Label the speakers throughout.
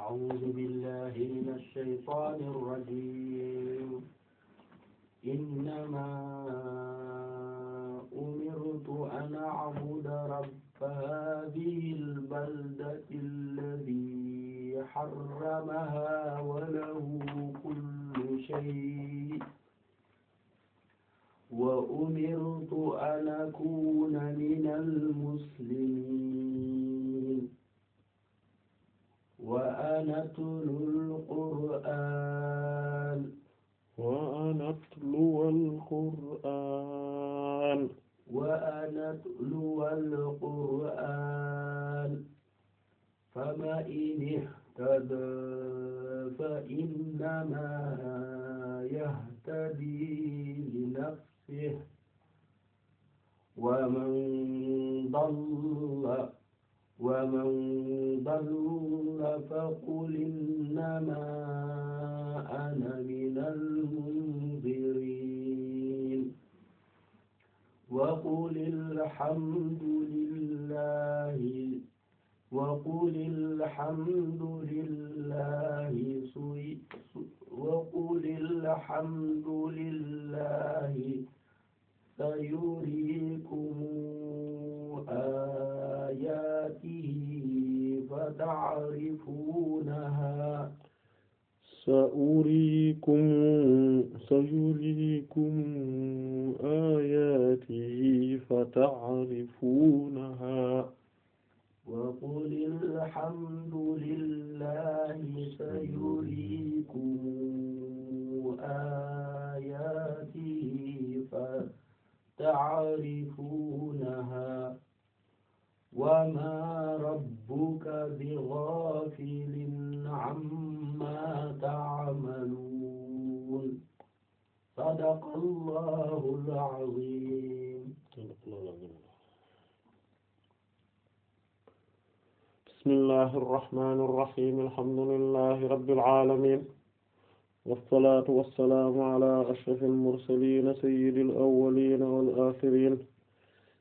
Speaker 1: أعوذ بالله من الشيطان الرجيم إنما أمرت أن أعبد رب هذه البلدة الذي حرمها وله كل شيء وأمرت أن أكون من المسلمين وأنا أتلو القرآن وأنا أتلو القرآن وأنا أتلو القرآن فمن اهتدى فإنما يهتدي لنفسه ومن ضل ومن ضل فقل إنما أنا من المنذرين وقل الحمد لله وقل الحمد لله وقل الحمد لله سيريكم آه آياته فتعرفونها
Speaker 2: سأريكم سيريكم آياته فتعرفونها
Speaker 1: وقل الحمد لله سيريكم آياته فتعرفونها وما ربك بغافل عما تعملون صدق الله العظيم
Speaker 2: بسم الله الرحمن الرحيم الحمد لله رب العالمين والصلاة والسلام على أشرف المرسلين سيد الأولين والآخرين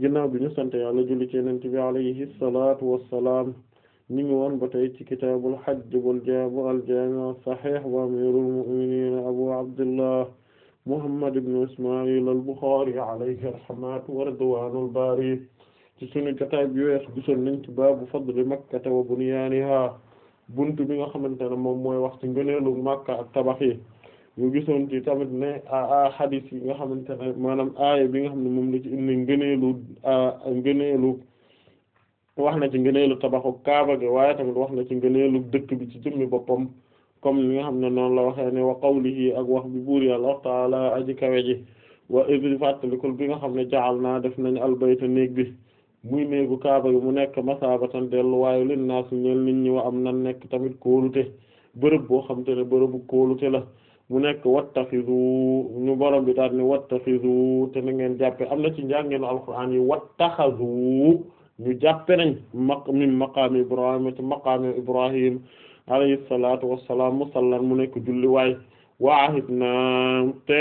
Speaker 2: ginnaaw bi ñu sant yàlla julli ci yonent bi alayhi salaatu wassalaam ñu ngi woon ba tey ci kitaabul hajj bul jaabu al jaami' sahih wa amirul mu'minin abu abdullah muhammad ibn isma'il al bukhari alayhi rahmatu wa ridwanul baari ci sunu jotaay bi wees gisoon nañ ci baabu fadli makkata wa bunyaaniha buntu bi nga xamante ne moom mooy wax ci ngëneelu makka ak tabax yi ñu gisoon ci tamit ne a hadith yi nga xamante ne maanaam aaya bi nga xam ne moom la ci indi ngëneelu ngëneelu wax na ci ngëneelu tabaxu kaaba gi waaye tamit wax na ci ngëneelu dëkk bi ci jëmmi boppam comme li nga xam ne noonu la waxee ne wa qawlihi ak wax bi buur yàlla taala aji kawe ji wa ibri fàttalikul bi nga xam ne jaal naa def nañ albayta néeg bi muy néegu kaaba gi mu nekk masaabatan waaye lin naas ñeel nit ñi wa am nan nekk tamit kóolute bërëb boo xam ne bërëbu kóolute la mu nekk wattaxizu ñu borom bi taat ni wattaxizu te na ngeen jàppe am na ci njàngeenu alquran yi wattaxazu ñu jàppe nañ maq min maqaami ibrahima ci maqaami ibrahim alayhi salaatu wassalaam musallan mu nekk julli waay waahid na te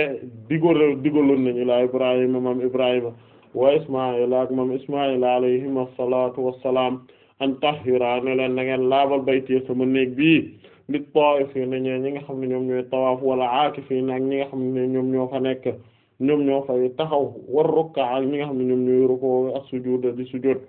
Speaker 2: digolo digaloon laa ibrahima mam ibrahima wa ismaila ak mam ismaila alayhim assalatu wassalaam an tahira ne leen na ngeen laabal baytee sama néeg bii li ta'ifiina ñee ñi nga xam ne ñoom ñooy tawaaf wala aakifiina ak ñi nga xam ne ñoom ñoo fa nekk ñoom ñoo fay taxaw war rukka ak ñi nga xam ne ñoom ñooy rukkoo ak sujuud di sujuud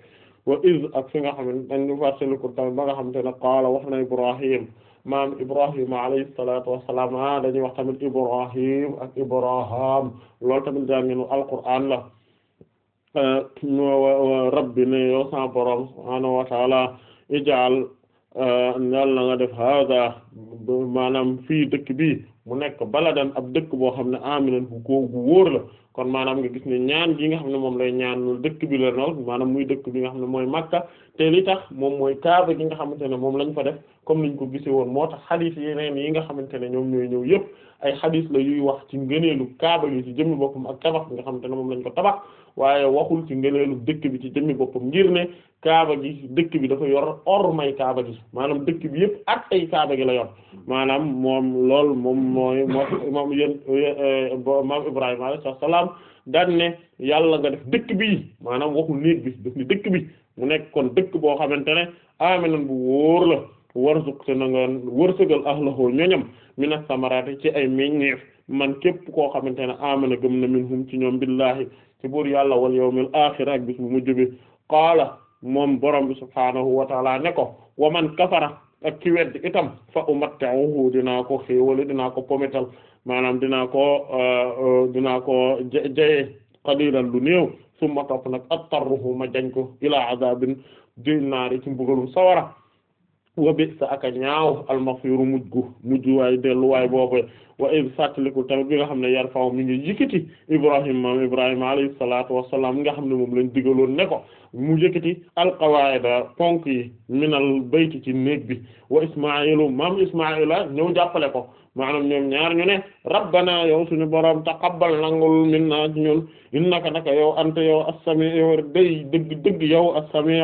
Speaker 2: wa iz ak fi nga xam ne dañu fàttali ko tamit ba nga xam te ne qaala wax na Ibrahim maam Ibrahim alayhi salaatu wa salaam ah dañuy wax tamit Ibrahim ak Ibraham loolu tamit daa ngeen Alquraan la eh, rabbi ne yow sa borom subhaanahu wa ta'aala ij'al Euh, yàlla na nga def hada maanaam fii dëkk bi mu nekk baladan ab dëkk boo xam ne aminan bu ko gu wóor la kon maanaam nga gis ne ñaan gi nga xam ne moom lay ñaan dëkk bi la noonu maanaam muy dëkk bi nga xam ne mooy Makka te li tax moom mooy kaaba gi nga xamante ne moom lañ fa def comme niñ ko gisee woon moo tax xadis yeneen yi nga xamante ne ñoom ñooy ñëw yëpp ay xadis la yuy wax ci ngëneelu kaaba gi ci jëmmi boppam ak tabax bi nga xamante ne moom lañ ko tabax waaye waxul ci ngëneelu dëkk bi ci jëmmi boppam ngir ne kaaba gi dëkk bi dafa yor or may kaaba gi maanaam dëkk bi yëpp ak ay kaaba gi la yor maanaam moom lool moom mooy moom yéen maam Ibrahima alayhi salaam daan ne yàlla nga def dëkk bi maanaam waxul néeg bi def ni dëkk bi mu nekk kon dëkk boo xamante ne aaminan bu wóor la. warzuq te na nga wërsëgal ahlahu ñoñam mina samaraati ci ay meññeef man képp koo xamante ne amana gëm na minhum ci ñoom billahi ci buur yàlla wal yawmil axir ak bis bu mujj bi qaala moom borom bi subhaanahu wa neko ne wa man kafara ak ci wedd itam fa umatta'uhu dinaa ko xéewale dinaa ko pometal maanaam dinaa ko euh, euh, dinaa ko jaye qalilan lu néew summa topp nag attarruhu ma jañ ko ilaa azabin dinaari ci mbugalum sawara wa bi sa ñaaw almasiru mujj gu mujj waay delluwaay boobu wa ib tamit bi nga xam ne yar faw mi ngi yëkkati ibrahim maam ibrahima alayhi salaatu wassalaam nga xam ne moom lañ digaloon ne ko mu yëkkati alqawaida ponk yi minal bayti ci néeg bi wa ismailu maam ismaila ñëw jàppale ko maanaam ñoom ñaar ñu ne rabbana yow suñu borom taqabbal nangul minna ci ñun innaka naka yow anta yow as-sami'u yow day dëgg dëgg yow as-sami'u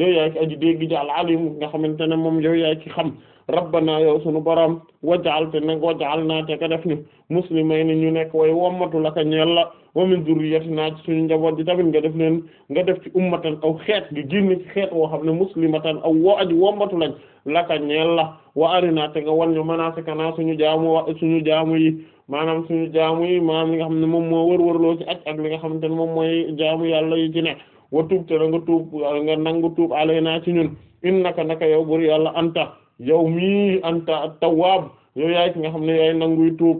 Speaker 2: yow yaay ki aji dégg ji al nga xamante ne moom yow yaay ki xam rabbana yow sunu borom waj'al te nag waj'alna te ka def ñu muslimayni ñu nekk way wommatu laka ñeel la wa min zurriyyatina ci suñu njaboot ji tamit nga def leen nga def ci ummatan aw xeet gi génn woo xam ne muslimatan aw woo aji wommatu lañ laka ñeel la wa arina te nga wan ñu manasikana suñu jaamu wa suñu jaamu yi maanaam suñu jaamu yi maanaam li nga xam ne moom moo wërwërloo ci ak ak li nga xamante ne moom mooy jaamu yàlla yi ci nekk wa tuub te nga tuub nga nangu tuub alayna ci ñun innaka naka yow bur yàlla anta yow mii anta at-tawwab yow ki nga xam ne yaay nanguy tuub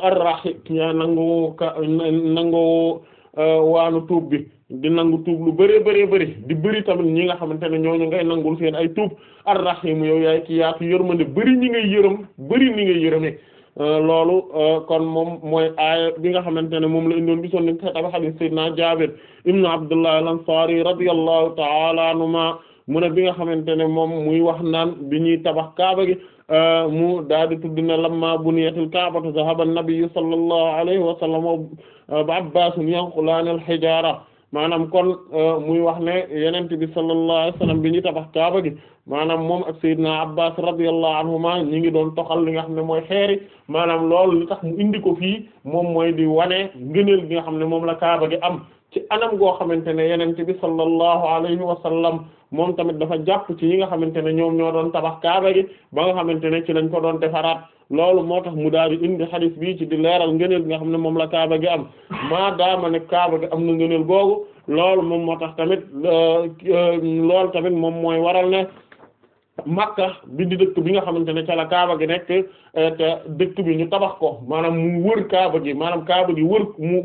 Speaker 2: ar-rahim yaa nangu ka nangu euh, waanu tuub bi di nangu tuub lu bëree bëree bëri di bëri tamit ñi nga xamante ne ñooñu ngay nangul seen ay tuub ar-rahim yow yaay ki yaatu yërmande bëri ñi ngay yërëm bëri ni ngay yërëmee euh, loolu euh, kon moom mooy aaya bi nga xamante ne moom la indoon gisoon nañ ko xadis sayyidina Jaabir ibnu Abdullah al-Ansari radiyallahu ta'ala anhuma mu ne bi nga xamante ne moom muy wax naan bi ñuy tabax kaaba gi euh, mu daal di tudd na lamma buniyatil kaabatu zahaba nabiyyu sallallahu alayhi wa sallam euh, ba abbaasun yanqulaani al-hijaara maanaam kon euh, muy wax ne yonent bi sallallahu alayhi wa sallam bi ñuy tabax kaaba gi maanaam moom ak Seydina Abbas radiyallahu anhuma ñi ngi doon toxal li nga xam ne mooy xeeri maanaam lool tax mu indi ko fii moom mooy di wane ngëneel bi nga xam ne moom la kaaba gi am ci anam goo xamante ne yenente bi sallallahu alayhi wa sallam moom tamit dafa jàpp ci yi nga xamante ne ñoom ñoo doon tabax kaaba gi ba nga xamante ne ci lañ ko doon defaraat loolu moo tax mu daal di indi xadis bii ci di leeral ngëneel nga xam ne moom la kaaba gi am maa daama ne kaaba gi am na ngëneel googu loolu moom moo tax tamit euh, euh, loolu tamit moom mooy waral ne Makka bi di dëkk bi nga xamante ne ca la Kaaba gi nekk eh, te dëkk bi ñu tabax ko maanaam mu wër Kaaba gi maanaam Kaaba gi wër mu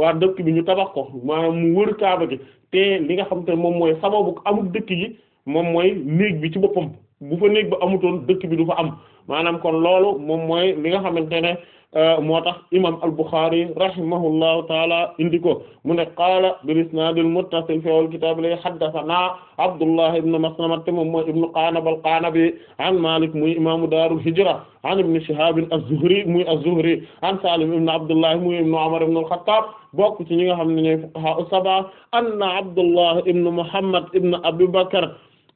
Speaker 2: waa dëkk bi ñu tabax ko maanaam mu wër Kaaba gi te li nga xamante ne moom mooy sababu amul dëkk yi moom mooy néeg bi ci boppam bu fa néeg ba amutoon dëkk bi du fa am maanaam kon loolu moom mooy li nga xamante ne euh, moo tax imam al-Bukhari rahimahullahu taala indi ko mu ne qaala bil isnaad al muttasil fi al kitaab li haddathana Abdullah ibn Maslama te moom mooy ibn Qanab al-Qanabi an Malik muy imaamu daarul hijra an ibn Shihab az-Zuhri muy az-Zuhri an Salim ibn Abdullah muy ibn Umar ibn al-Khattab bokk ci ñi nga xam ne ñooy fuqaha as-sab'a anna Abdullah ibn Muhammad ibn Abi Bakr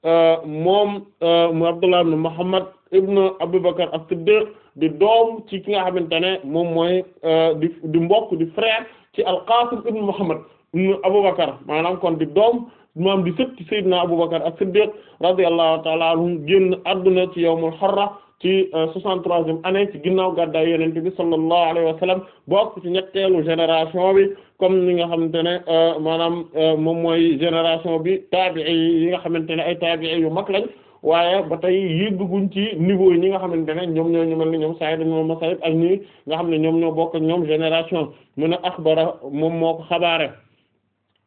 Speaker 2: Euh, moom euh, Abdullah ibn Muhammad ibn Abubakar as-Siddiq di doom ci ki nga xamante ne moom mooy euh, di di mbokk di frère ci al-Qasim ibn Muhammad ibn Abubakar maanaam kon di doom maam di sët ci Seydina Abubakar as-Siddiq radiyallahu ta'ala anhu génn àdduna ci yawmul Harra ci 63e année ci ginnaaw gàddaay Yonent bi sallallahu alayhi wa sallam bokk ci ñetteelu génération bi. comme ni nga xamante ne euh, maanaam euh, moom mooy génération bi taabi'i yi nga xamante ne ay taabi'i yu mag lañ waaye ba tey yëgguñ ci niveau yi nga xamante ne ñoom ñoo ñu mel ni ñoom Saïd ibn Musayyib ak ñi nga xam ne ñoom ñoo bokk ñoom génération mu ne axbara moom moo ko xabaare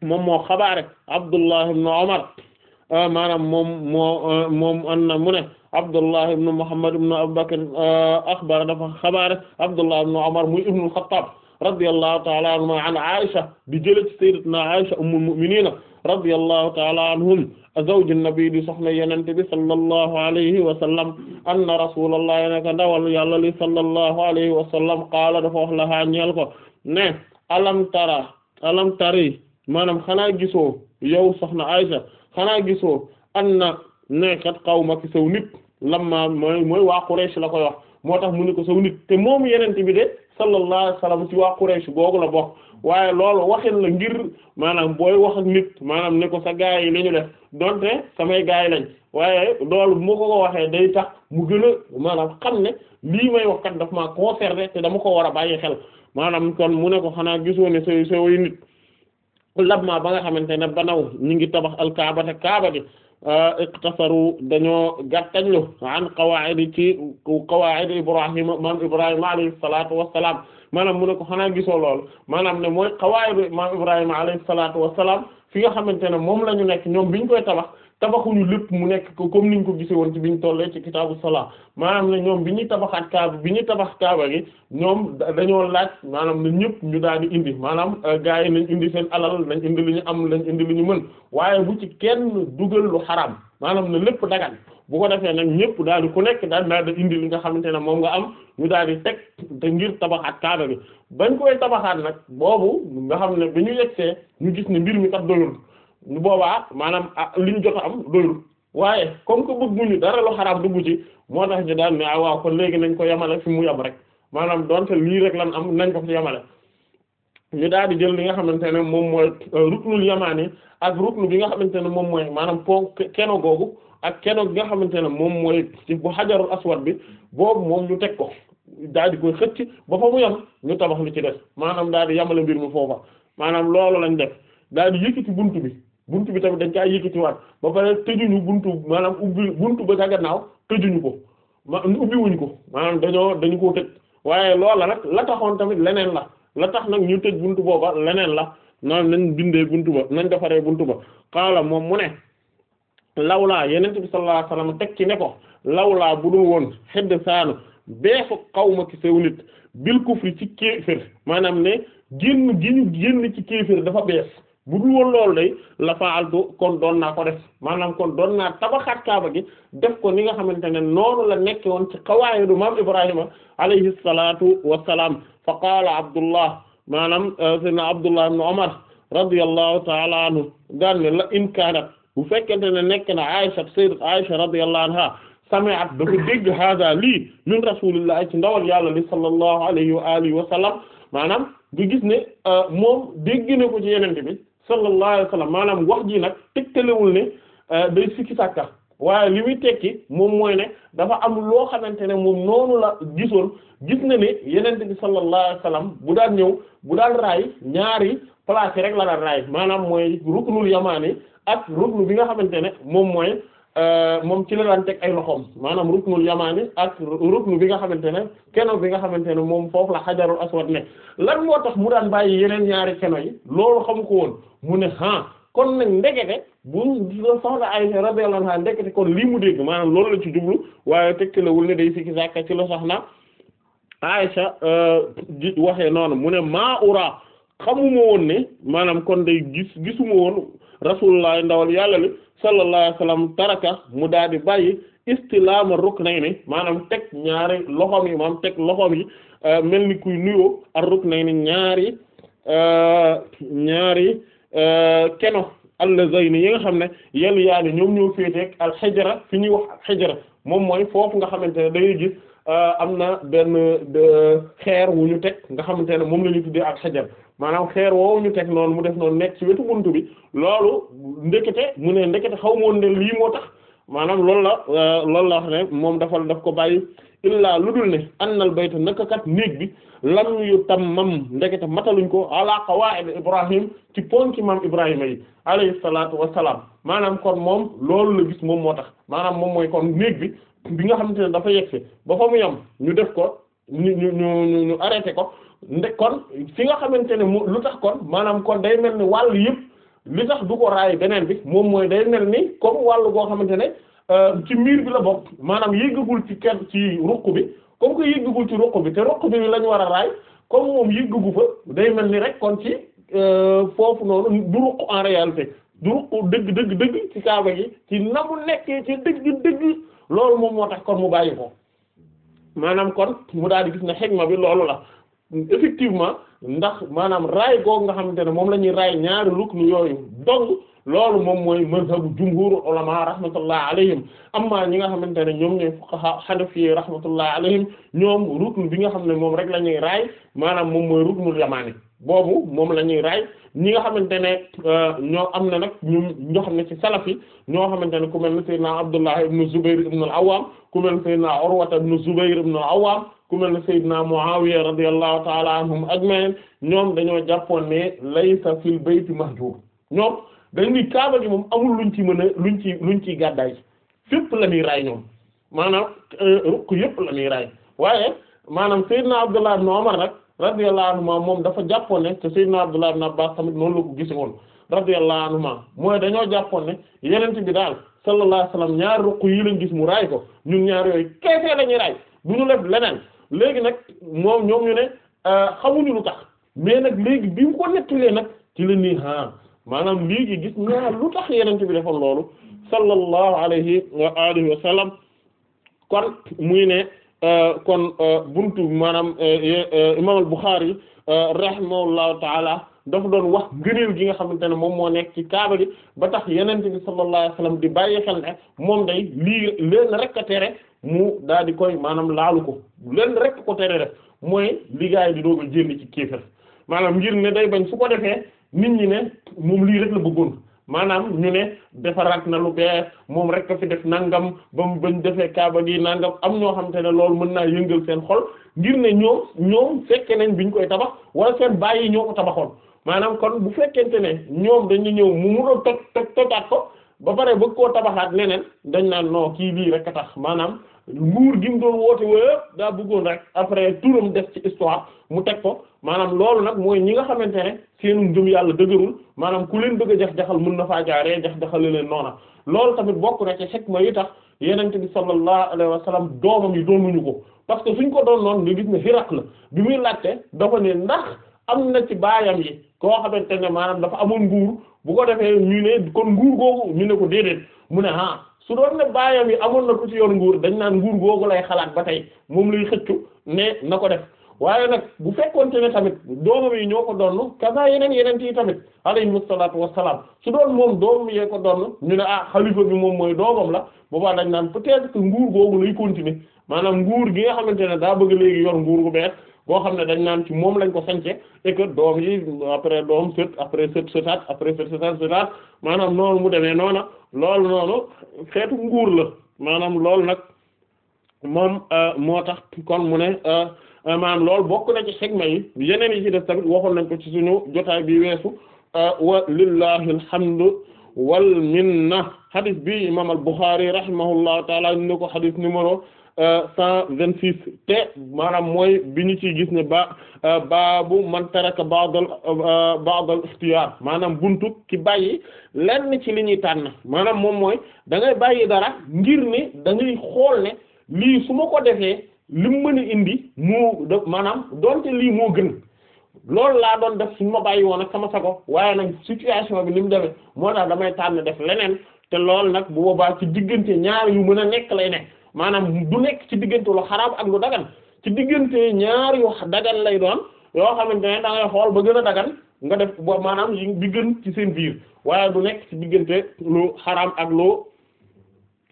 Speaker 2: moom moo xabaare Abdullah ibn Umar euh, maanaam moom moo moom na mu ne Abdullah ibn Muhammad ibn Abu Bakr axbara dafa xabaare Abdullah ibn Umar muy ibn al radiyallahu taala anhuma an Aisha di jële ci sayyidatuna Aisha ummul mu'minina radiyallahu taala anhum zawju nabi di soxna yenente bi sallallahu alayhi wa sallam anna rasulullahi naka ndawal yàlla li sallallahu alayhi wa sallam qaala dafa wax la haa ñeel ko ne alam tara alam tari maanaam xanaa gisoo yow soxna Aisha xanaa gisoo anna nekkat qawmaki saw nit lamma mooy mooy waa Quraysh la koy wax moo tax mu ni ko saw nit te moom yenente bi de sallallahu alayhi wasallam ci waa Quraysh boobu la bokk waaye loolu waxin la ngir maanaam booy wax ak nit maanaam ne ko sa gaa yi lañu ñu def donte samay gaa yi lañ waaye loolu bu ma ko waxee day tax mu gën maanaam xam ne lii may wax kat daf maa concerné te dama ko war a bàyyi xel maanaam kon mu ne ko xanaa gisoo ne sooy sooy nit lab maa ba nga xamante ne banaw ñu ngi tabax alkaaba te kaaba gi iqtasaru dañoo gàttañlu an qawaa'idi ci qawaa'idi Ibrahima maam Ibrahima alayhi salaatu wa salaam maanaam mu ne ko xanaa gisoo lool maanaam ne mooy qawaa'idi maam Ibrahima alayhi salaatu wa salaam fi nga xamante ne moom la ñu nekk ñoom biñ koy tabax. tabaxuñu lépp mu nekk ko comme ñu ko gisee woon ci biñ tollee ci kitaabu salaa maanaam ne ñoom bi ñuy tabaxaat kaaba bi ñuy tabax kaaba gi ñoom dañoo laaj maanaam ne ñëpp ñu daal di indi maanaam euh, gars yi nañ indi seen alal nañ indi li ñu am nañ indi li ñu mën waaye bu ci kenn dugal lu xaraam maanaam ne lépp dagan bu ko defee nag ñëpp daal di ku nekk daal daal di indi li nga xamante ne moom nga am ñu daal di teg te ngir tabaxaat kaaba gi bañ koy tabaxaat nag boobu nga xam ne bi ñu yegsee ñu gis ne mbir mi kat doyul bu boobaa maanaam ah, liñ jot am doyul waaye comme que bëgguñu dara lu xaraam dugg ci moo tax ñu daal ne ah waaw kon léegi nañ ko yemale fi mu yem rek maanaam donte lii rek lan am nañ ko fi yemale ñu daal di jël li nga xamante ne moom mooy euh, ruknul yamaani ak ruknu bi nga xamante ne moom mooy maanaam ponk keno googu ak keno bi nga xamante ne moom mooy ci bu xajarul aswad bi boobu moom ñu teg ko daal di koy xëcc ba fa mu yem ñu tabax li ci des maanaam daal di yamale mbir mi foofa maanaam loolu lañ def daal di yëkkati buntu bi buntu bi tamit dañ caa yëkkatiwaat ba pare tëjuñu buntu maanaam ubbi buntu ba ca gannaaw tëjuñu ko ma ubbi wuñ ko maanaam dañoo dañu koo tëj waaye loola nag la taxoon tamit leneen la la tax nag ñu tëj bunt booba leneen la noonu nañ bindee buntu ba nañ defaree buntu ba xaala moom mu ne lawlaa yenent bi sallallahu alayhi wasallam teg ci ne ko lawlaa bu dul woon xedd saanu beefu xawma ki sew nit bil kufri ci kéefër maanaam ne génn gi génn ci kéefër dafa bees bu dul woon loolu day la faaltu kon doon naa ko def maanaam kon doon naa tabaxaat kaaba gi def ko ni nga xamante ne noonu la nekke woon ci xawaayidu maam ibrahima alayhi salatu wassalaam fa qaala abdullah maanaam euh, sayyidina abdullah ibn umar radiyallahu ta'ala anhu daan ne la in kaanat bu fekkente ne nekk na aisha sayyidat aisha radiyallahu anha sami'at dafa dégg hada lii min rasulillah ci ndawal yàlla li sallallahu alayhi wa alihi wa sallam maanaam du gis ne euh, moom dégg na ko ci yenente bi sallallahu alayhi maanaam wax ji nag tegtalewul ne euh, day sikki sàkka waaye li muy tekki moom mooy ne dafa am loo xamante ne moom noonu la gisoon gis na ne yenente bi sallallahu alayhi wa sallam bu daan ñëw bu daal raay ñaari place rek la daan raay maanaam mooy ruknul yamaani ak ruknu bi nga xamante ne moom mooy Euh, moom ci la daan teg ay loxoom maanaam ruknul yamaani ak ruknu bi nga xamante ne keno bi nga xamante ne moom foofu la xajarul aswad ne lan moo tax mu daan bàyyi yeneen ñaari keno yi loolu xam ko woon mu ne ah kon nag ndekete bu soxna Aysa radiyallahu anha ndekete kon lii mu dégg maanaam loolu la ci jublu waaye tegtalawul ne day sikki sàkka ci la soxna Aysa euh, di waxe noonu mu ne maa ura xamuma woon ne maanaam kon day gis gisuma woon rasulullah ndawal yàlla li sallallahu alayhi wa sallam taraka mu daal di bàyyi istilaama ruknayni maanaam teg ñaari loxoom yi maanaam teg loxoom yi euh, mel ni kuy nuyoo ak ruknayni ñaari euh, ñaari euh, keno allazayni yi nga xam ne yel yaani ñoom ñoo féeteeg alxijra fi ñuy wax alxijra moom mooy foofu nga xamante ne dañuy gis am na benn xeer wu ñu teg nga xamante ne moom la ñu tuddee alxijra maanaam xeer woowu ñu teg noonu mu def noonu nekk ci wetu buntu bi loolu ndekete mu ne ndekete xaw moon ne lii moo tax maanaam loolu la euh, loolu la wax ne moom dafa daf ko bàyyi illaa lu dul ne annal bayta nakakat néeg bi lam yu tam mam ndekete mataluñ ko ala qawaa'id ibrahim ci ponki mam ibrahima yi alayhi salaatu wassalaam maanaam kon moom loolu la gis moom moo tax maanaam moom mooy kon néeg bi bi nga xamante ne dafa yegg si ba fa mu yam ñu def ko ñu ñu ñu ñu ko nde kon fi nga xamante ne mu lu tax kon maanaam kon day mel ni wàll yëpp li tax du ko raay beneen bi moom mooy day mel ni comme wàll goo xamante ne euh, ci miir bi la bokk maanaam yëggagul ci ker ci ruq bi comme que yëggagul ci ruq bi te ruq bi lañ war a raay comme moom yëggagu fa day mel ni rek kon ci euh, foofu noonu du ruq en réalité du ruq ci kaaba gi mu nekkee ci dëgg dëgg loolu moom moo tax kon ko maanaam kon daal di gis ne ma bi loolu la effectivement ndax maanaam raay googu nga xamante ne moom la ñuy raay ñaari ruknu yooyu dong loolu moom mooy mazhabu jumhuru ulama rahmatullah alayhim amma ñi nga xamante ne ñoom ñooy fuqaha hanafi rahmatullah alayhim ñoom ruknu bi nga xam moom rek la ñuy raay maanaam moom mooy ruknul yamaani boobu moom la ñuy raay ñi nga xamante ne euh, ñoo am na nag ñu ñoo xam ne ci salaf ñoo xamante ne ku mel ne Seydina Abdullah ibn Zubayr ibn al-Awwam ku mel ne Seydina Muawiya radiyallahu ta'ala anhum ajma'in ñoom dañoo jàppoon ne laysa fil bayti mahjur ñoom dañ ni kaaba gi moom amul ñu ci mën a luñ ci luñ ciy gàddaay fépp la ñuy raay ñoom maanaam euh, ruq yëpp la ñuy raay waaye maanaam Seydina Abdullah ibn Umar nag radiyallahu anhuma moom dafa jàppoon ne te Seydina Abdullah ibn Abbas tamit noonu la ko gise woon radiyallahu anhuma mooy dañoo jàppoon ne yenent bi daal sallallahu alayhi wasallam ñaar ruq yi lañ gis mu raay ko ñun ñaar yooyu keesee la ñuy raay bu ñu leb leneen léegi nag moom ñoom ñu ne euh, xamuñu lu tax mais nag léegi bi mu ko nettalee nag ci la nii ah maanaam léegi gis naa lu tax yenente bi defoon loolu sallallahu alayhi wa alihi wa sallam kon muy ne euh, kon euh, buntu maanaam imam al-Bukhari rahimahullahu taala dafa doon wax ngëneel gi nga xamante ne moom moo nekk ci kaaba gi ba tax yenente bi sallallahu wa sallam di bàyyi xel ne moom day lii leen rekk a tere mu daal di koy maanaam laalu ko lenn rek ko tere def mooy ligaay di doog a jënd ci kéefër maanaam ngir ne day bañ su ko defee nit ñi ne moom lii rek la bëggoon maanaam ñu ne defaraat na lu bees moom rek fi def nangam ba mu bañ defee kaaba gi nangam am ñoo xam te ne loolu mën naa yëngal seen xol ngir ne ñoom ñoom fekke nañ ñu koy tabax wala seen bàyyi ñoo ko tabaxoon maanaam kon bu fekkente ne ñoom dañu ñëw mu mun a toj toj tojaat ko ba pare bëgg koo tabaxaat leneen dañ naan non kii lii rek a maanaam. nguur gi mu doon woote wëpp daa bëggoon rek après turam def ci histoire mu teg ko maanaam loolu nag mooy ñi nga xamante ne seenu ngëm yàlla dëgërul maanaam ku leen bëgg a jax-jaxal mën na faa jaaree jax-jaxale leen noona loolu tamit bokk na ci xekma yi tax yenente bi sallallahu alayhi wa sallam doomam yi doonuñu ko parce que suñ ko doon noonu nga gis ne xiraq la bi muy laajte dafa ne ndax am na ci baayam yi koo xamante ne maanaam dafa amoon nguur bu ko defee ñu ne kon nguur googu ñu ne ko déedéet mu ne ah su doon ne baayam yi amoon na ku ci yoon nguur dañ naan nguur googu lay xalaat ba tey moom lay xëccu ne na ko def waaye nag bu fekkoonte ne tamit doomam yi ñoo ko donn kasaa yeneen yeneen tii tamit alayhimu salaatu wassalaam su doon moom doomam yee ko doon donn ñu ne ah xalifa bi moom mooy doomam la boobaa dañ naan peut-être que nguur googu lay continuer maanaam nguur gi nga xamante ne daa bëgg léegi yoon nguur gu bees boo xam ne dañ naan ci moom lañ ko sance et doom yi doom sët après sët sëtaat après sët maanaam noonu mu demee noona lool noonu xeetu nguur la maanaam loolu nag moom euh, moo tax kon mu ne euh, euh, maanaam loolu bokk na ci xigma yi yeneen yi ci def tamit waxoon nañ ko ci suñu jotaay bi weesu wa lillahi alhamdu wal minna xadis bi imam al Bukhari rahimahullahu taala ñu ko xadis numéro cent vingt six te maanaam mooy bi ñu ci gis ne ba euh, baabu man taraka ba'dal euh, ba'dal ixtiyaar maanaam buntu ki bàyyi lenn ci li ñuy tànn maanaam moom mooy da ngay bàyyi dara ngir ne da ngay xool ne lii su ma ko defee li mu mën a indi moo maanaam donte lii moo gën loolu laa doon def su ma bàyyi woon ak sama sago waaye nag situation bi ni mu demee moo tax damay tànn def leneen te loolu nag bu boobaa ci diggante ñaar yu mën a nekk lay nekk. maanaam du nekk ci diggante lu xaraam ak lu dagan ci diggante ñaar yu dagan lay doon yoo xamante ne da xool ba gën a dagan nga def bo maanaam yi bi gën ci seen biir waaye du nekk ci diggante lu xaraam ak lu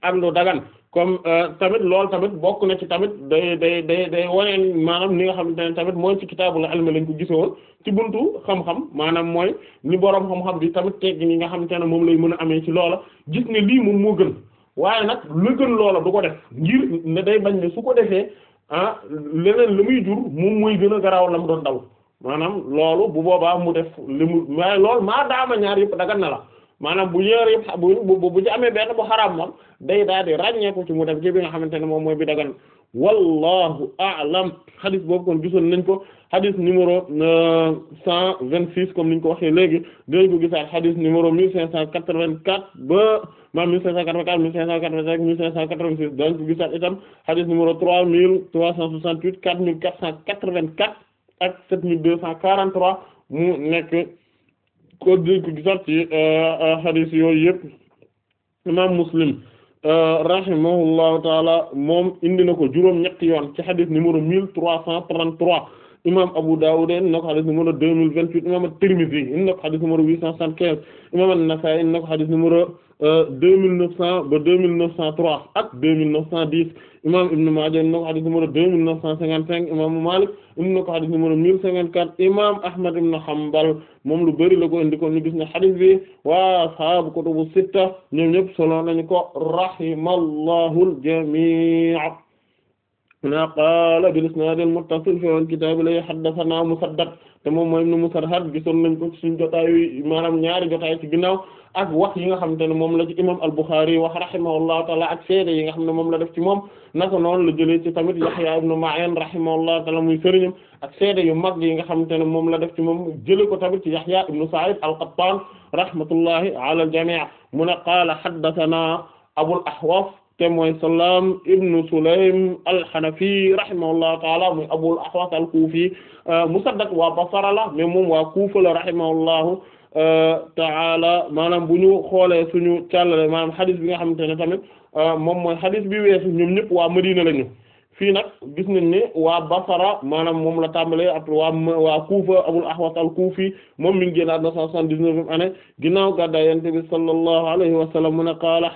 Speaker 2: ak lu dagan comme euh, tamit loolu tamit bokk na ci tamit day day day day waneen maanaam ni nga xamante ne tamit mooy ci kitaabul ilm lañ ko gisewoon ci buntu xam-xam maanaam mooy ni boroom xam-xam bi tamit tegg ni nga xamante ne moom lay mën a amee ci loola gis ne lii moo gën waaye nag lu gën loola du ko def ngir ne day bañ ne su ko defee ah leneen la muy jur moom mooy gën a garaaw la mu doon daw maanaam loolu bu boobaa mu def li mu waaye lool maa daama ñaar yëpp dagan na la maanaam bu ñaar yëpp bu bu bu ci amee benn bu xaraam moom day daal di ràññeeku ci mu def ji bi nga xamante ne moom mooy bi dagan wallahu a'lam xadis boobu kon gisoon nañ ko xadis numéro euh, cent vingt-six comme niñ ko waxee léegi dinañ ko gisaat xadis numéro mille cinq cent quatre-vingt-quatre ba ma mille cinq cent quatre-vingt-quatre mille cinq cent quatre-vingt-cinq mille cinq cent quatre-vingt-six dinañ ko gisaat itam xadis numéro cent soixante-huit quatre mille cent quatre-vingt-quatre ak sept mille deux cent mu nekk ko dinañ ko gisaat ci xadis euh, euh, yooyu yëpp imam Muslim Euh, rahimahullahu taala moom indi na ko juróom ñetti yoon ci xadis numéro mille trois cent trente-trois imam Abu Dawud indi na ko xadis numéro deux mille vingt huit imam At-Tirmidhi indi na ko xadis numéro huit cent soixante quinze imam An-Nasa'i indi na ko xadis euh, deux mille neuf cent trois ak deux mille neuf cent dix imam Ibn Maaja indi na ko xadis deux mille neuf cent cinquante cinq imam Malik indi na ko xadis numéro mille cinquante quatre imam Ahmad ibn Hanbal moom lu bari la ko indi ko ñu gis ne xadis bi waa sitta ñoom ñëpp solo nañu na qaala bil isnaadil muttasil fil kitaab la haddathanaa Musaddad te moom mooy ibn Musarhad gisoon nañ ko ci suñu jotaayu maanaam ñaari jotaay ci ginnaaw ak wax yi nga xam te ne moom la ci imam al-Bukhari wax rahimahullahu taala ak seede yi nga xam ne moom la def ci moom naka noonu la jëlee ci tamit Yahya ibn Ma'in rahimahullahu taala muy sëriñam ak seede yu mag yi nga xam te ne moom la def ci moom jëlee ko tamit ci Yahya ibn Sa'id al-Qattan rahmatullahi ala al-jami' mu ne qaala haddathanaa Abul Ahwas te mooy Salaam ibnu Sulaym al-Hanafi rahimahullahu taala muy Abul Ahwas al-Kufi euh, Musaddad wa Basra la mais moom wa Kufa la rahimahullahu euh, taala maanaam bu ñu xoolee suñu càllale maanaam xadis bi nga xam ne tamit euh, moom mooy xadis bi weesu ñoom ñëpp waa Madina lañu fii nag gis nañ ne waa Basra maanaam moom la tàmbalee après wa waa Kufa Abul Ahwas al-Kufi moom mi ngi génn àdduna 179 année ginnaaw gàddaay Yonent bi alayhi wa sallam mu ne qaala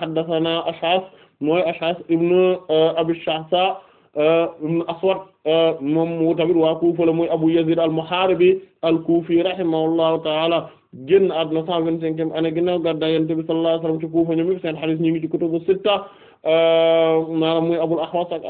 Speaker 2: mooy Ash'ath ibn euh, Abi Sha'tha euh, ibn Aswad euh, moom mu tamit waa Kufa la mooy Abu Yazid al-Muharibi al-Kufi rahimahullahu ta'ala génn àdduna 125e année ginnaaw gàddaay Yonent bi sallallahu alayhi wasallam ci Kufa ñoom it seen hadith ñu ngi ci kutubu sitta maanaam muy Abul Ahwas ak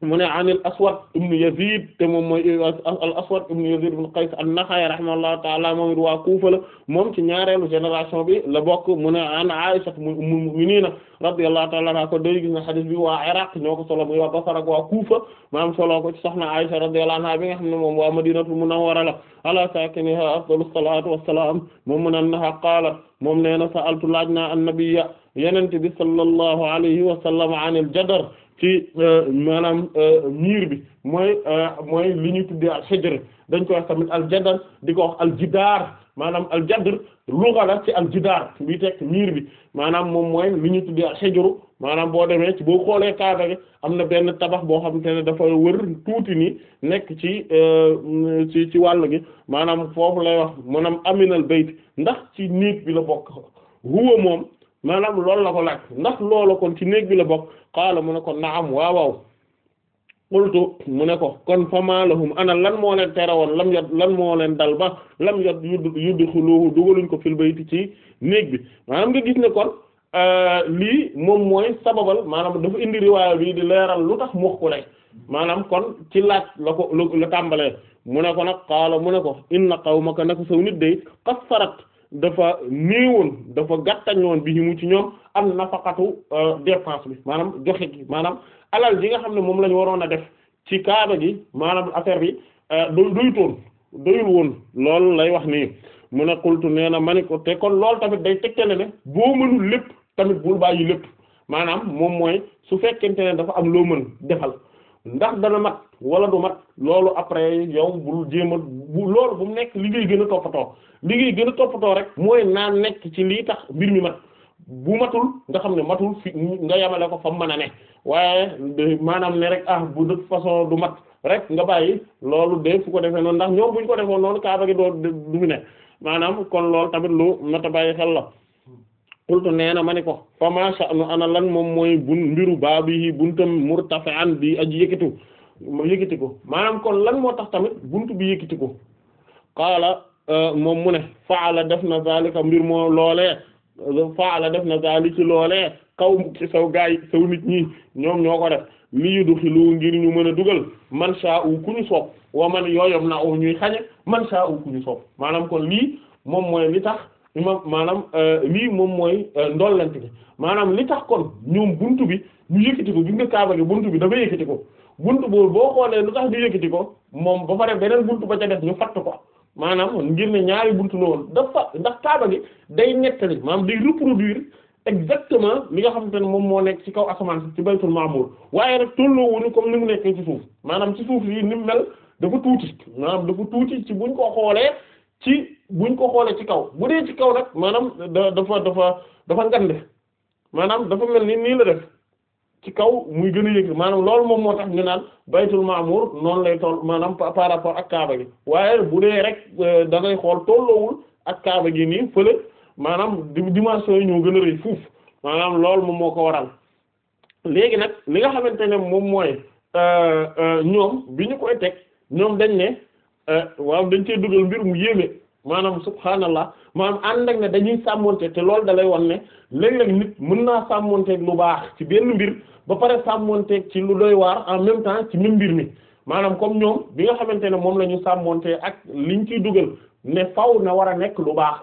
Speaker 2: mu ne anil aswad ibn yazid te moom mooy al aswad ibn yazid ibn qays an-naxa'i rahimahullahu ta'ala moom it waa kuufa la moom ci ñaareelu génération bi la bokk mu ne an aisha mu ummul mu'minina radiyallahu ta'ala anha ko day gis na xadis bi waa iraq ñoo ko solo muy waa basar ak waa kuufa maam solo ko ci soxna aisha radiyallahu anha bi nga xam ne moom waa madinatul munawwara la ala sakiniha afdalu salatu wassalam moom mu ne annaha qaalat moom nee na sa'altu laaj naa an nabiyya yenente bi sallallahu alayhi wa sallam anil jadar ci euh, maanaam euh, miir bi mooy euh, mooy li ñuy tuddee al xijr dañ koy wax tamit al jadal di ko wax al jidaar maanaam al jadr luga la ci al jidaar bi tekk miir bi maanaam moom mooy li ñu tuddee a xijru maanaam boo demee ci boo xoolee kaaba gi am na benn tabax boo xam te ne dafa wër tuuti ni nekk ci ci ci wàll gi maanaam foofu lay wax maanaam aminal bayt ndax ci niit bi la bokk huwa moom maanaam loolu la ko laaj ndax loola kon ci néeg bi la bokk xaala mu ne ko naam waaw waaw qultu mu ne ko kon fama lahum ana lan moo leen tere woon lam yot lan moo leen dal ba lam yot yudd yuddxuluuhu dugaluñ ko fil bayti ci néeg bi maanaam nga gis ne kon euh, lii moom mooy sababal maanaam dafa indi riwaaya bi di leeral lu tax mu ko lay maanaam kon ci laaj la ko la tàmbalee mu ne ko nag xaala mu ne ko inna qawmaka nag saw nit day qassarat dafa néewoon dafa gàttañoon bi mu ci ñoom am nafaqatu euh, dépense bi maanaam joxe gi maanaam alal ji nga xam ne moom la ñu waroon a def ci kaaba gi maanaam affaire bi euh, doy doyutoon doyul woon loolu lay wax nii mu ne qultu nee na ma ni ko te kon loolu tamit day tegtale ne boo mënul lépp tamit bul bàyyi lépp maanaam moom mooy su fekkente ne dafa am loo mën defal ndax dana mat wala du mat loolu après yow bul jéem a bu loolu bu mu nekk liggéey gën a toppatoo liggéey gën a toppatoo rek mooy naa nekk ci lii tax mbir mi mat bu matul nga xam ne matul fi nga yamale ko fa mën a ne waaye maanaam ne rek ah bu de façon du mat rek nga bàyyi loolu de fu ko defee noonu ndax ñoom buñ ko defoon noonu kaaba gi doo du fi ne maanaam kon loolu tamit lu mat a bàyyi xel la qultu nee na ma ni ko fa ma sha'nu ana lan moom mooy bun mbiru baabihi buntam murtafi'an bi aji yëkkatu yëkkati ko maanaam kon lan moo tax tamit buntu bi yëkkati ko qaala euh, moom mu ne faala def na zalika mbir moo loolee euh, faala def na zalika loolee kaw ci saw gaay saw nit ñi ñoom ñoo ko def li yudxilu ngir ñu mën a dugal man sha'u ku ñu sopp wa man yooyom na u ñuy xañe man sha'u ku ñu sopp maanaam kon lii moom mooy li tax moom maanaam euh, lii moom mooy euh, ndollante bi maanaam li tax kon ñoom bunt bi ñu yëkkati ko bi nga kaaba gi buntu bi dafa yëkkati ko buntu boobu boo xoolee lu tax ñu yëkkati ko moom ba pare beneen buntu ba ca des ñu fatt ko maanaam ngir ne ñaari bunt la woon dafa ndax kaaba gi day nettali maanaam day reproduire exactement li nga xamante ne moom moo nekk ci kaw asamaan ci baytul maamur waaye nag tolloo wuñu comme ni mu nekkee ci suuf maanaam ci suuf yi ni mu mel dafa tuuti maanaam dafa tuuti ci xoolee. ci buñ ko xoolee ci kaw bu dee ci kaw nag maanaam da dafa dafa dafa ngande maanaam dafa mel ni nii la def ci kaw muy gën a yëg maanaam loolu moom moo tax ñu naan baytul maamur noonu lay toll maanaam par rapport ak kaaba gi waaye bu dee rek euh, da xool tolloowul ak kaaba gi nii fële maanaam dimension yi ñoo gën a rëy fuuf maanaam lool moom moo ko waral léegi nag li nga xamante ne moom mooy euh, euh, ñoom bi ñu koy teg ñoom dañ ne Euh, waaw dañ cee dugal mbir mu yéeme maanaam subhaanallah maanaam ànd ak na dañuy sàmmonte te loolu dalay lay won ne léeg-léeg nit mën naa sàmmonteeg lu baax ci benn mbir ba pare sàmmonteeg ci lu doy waar en même temps ci même mbir mi maanaam comme ñoom bi nga xamante ne moom la ñu sàmmonte ak liñ ciy dugal ne faw na war a nekk lu baax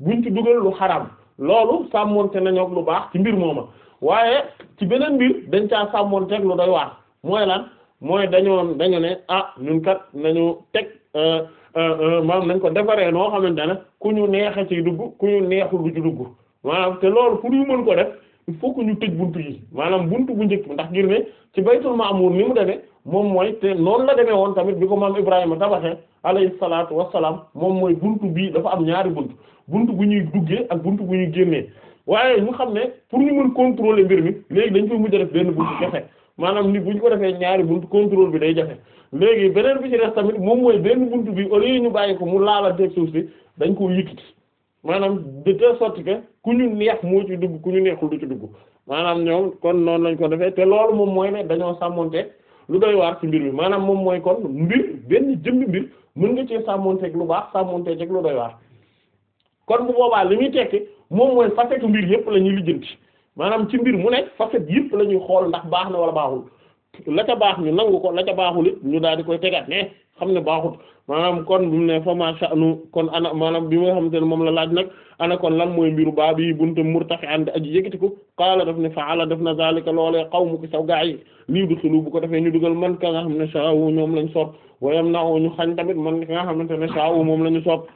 Speaker 2: buñ ci dugal lu xaram loolu sàmmonte nañoo lu baax ci mbir mooma waaye ci beneen mbir dañ caa sàmmonteeg lu doy waar mooy lan mooy dañoon dañu ne ah ñun kat nañu teg. Euh, euh, euh, maanaam nañ ko defaree noo xamante ne ku ñu neexa ci dugg ku ñu neexul du ci dugg waaw te loolu pour ñu mën ko def il ñu tëj buntu yi maanaam bunt bu njëkk ndax ngir ne ci baytul ma'mur ni mu demee moom mooy te noonu la demee woon tamit bi ko maam Ibrahima tabaxee alayhi salaatu wassalaam moom mooy buntu bii dafa am ñaari buntu bunt bu ñuy duggee ak buntu bu ñuy génnee waaye ñu xam ne pour ñu mën contrôler mbir mi léegi dañ koy mujj def benn buntu jafe. maanaam ni bu ñu ko defee ñaari buntu contrôle bi day jafe léegi beneen bi ci des tamit moom mooy benn buntu bi au lieu ñu bàyyi ko mu laalanteeg suuf si dañ koo yëkkati maanaam de telle sorte que ku ñu neex moo ci dugg ku ñu neexul du ci dugg maanaam ñoom kon noonu lañ ko defee te loolu moom mooy ne dañoo sàmmonteeg lu doy waar ci mbir mi maanaam moom mooy kon mbir benn jëmmi mbir mën nga cee sàmmonteeg lu baax sàmmonteeg lu doy waar kon bu boobaa li muy tekki moom mooy facetu mbir yépp la ñuy lijjanti. maanaam ci mbir mu nekk facette yëpp la ñuy xool ndax baax na wala baaxul la ca baax ñu nangu ko la ca baaxul it ñu daal koy tegaat ne xam ne baaxut maanaam kon bi mu ne fa ma sha'nu kon ana maanaam bi nga xamante ne moom la laaj nag ana kon lan mooy mbiru baa bi buntu murtafi ànd aji yëkkati ko qaala daf ne fa'ala daf na zalika loolee qawmu ki saw gaa yi lii du sulu bu ko defee ñu dugal man ka nga xam ne sha'u ñoom lañ sot wayam na ñu xañ tamit man ka nga xamante ne sha'u moom la ñu sot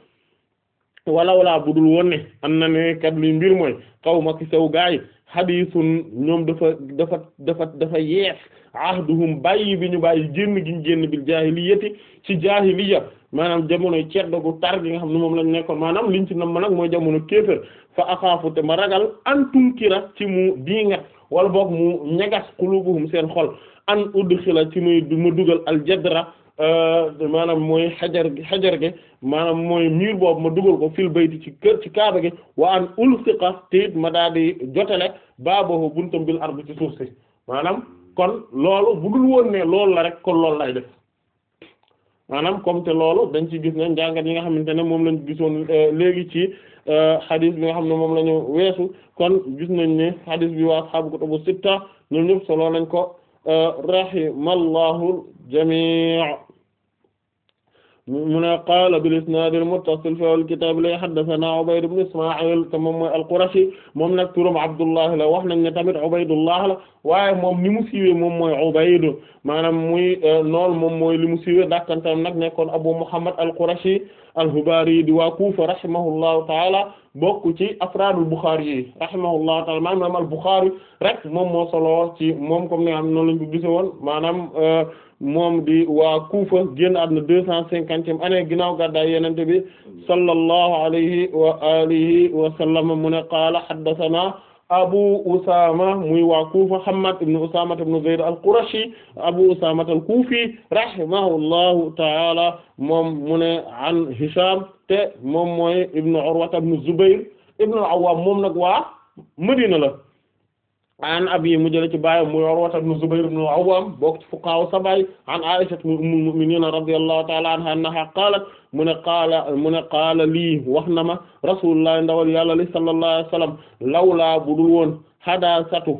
Speaker 2: walawlaa budul woon ne am na ne kat li mbir mooy qawma ki saw gaa yi xadiisun ñoom dafa dafa dafa dafa yees ahduhum bàyyi bi ñu bàyyi génn gi ñu génn bil jaahiliyati ci jaahiliya maanaam jamono ceddo gu tar gi nga xam ne moom lañ nekkoon maanaam liñ ci namm nag mooy jamono kéefër fa axaafu te ma ragal an tunkira ci mu diingat wala boog mu ñagas qulubuhum seen xol an udxila ci muy ma dugal aljadra Euh, maanaam mooy xajar gi xajar gi maanaam mooy miir boobu ma dugal ko fil bayti ci kër ci kaaba gi wa an ulsiqa te it ma daal di jotale baabahu buntam bil ardi ci suuf si maanaam kon loolu bu dul woon ne loolu la rek kon loolu lay def maanaam comme te loolu dañ ci gis ne njàngat yi nga xamante ne moom lañ gisoon euh, léegi ci euh, xadis bi nga xam ne moom lañu ñu weesu kon gis nañ ne xadis bi wa waa ashaabu kutubu sitta ñoom ñëpp solo nañ ko rahimallahu jami' mu ne qaala bil isnaadil muttasil fil kitaab li haddasanaa Ubayd ibn Ismaa'iil te moom mooy al-Qurashi moom nag turam Abdullah la wax nañ ne tamit Ubaydullah la waaye moom ni mu siiwee moom mooy Ubayd maanaam muy euh, nool moom mooy li mu siiwee dakkantam nag nekkoon Abu Muhammad al-Qurashi al-Hubari di waa Kuufa rahimahullahu taala bokk ci afraadul Bukhari yi rahimahullahu taala maanaam al-Bukhari rek moom moo solo ci moom comme ni nga xam noonu lañ ko gisee woon maanaam. Euh, moom di waa Kufa génn àdduna deux cent cinquantième année ginnaaw gàddaay Yonent bi sallallahu alayhi wa alihi wa sallam mu ne qaala haddathana abu usama muy waa kuufa hammad ibnu usama ibnu zayd al-qurashi abu usama al-kufi rahimahullahu ta'ala moom mu ne an hisham te moom mooy ibnu urwata ibnu zubayr ibnu al-awwam moom nag waa madina la an abi mu jële ci baayam muy Urwata ibn Zubayr ibn al-Awwam bokk ci fuqahaa sabay an Aisha ummul mu'minin radiyallahu ta'ala anha annaha qaalat mu ne qaala mu ne qaala lii wax na ma rasulullah ndawal yàlla li sallallahu alayhi wasallam lawlaa bu dul woon hadasatu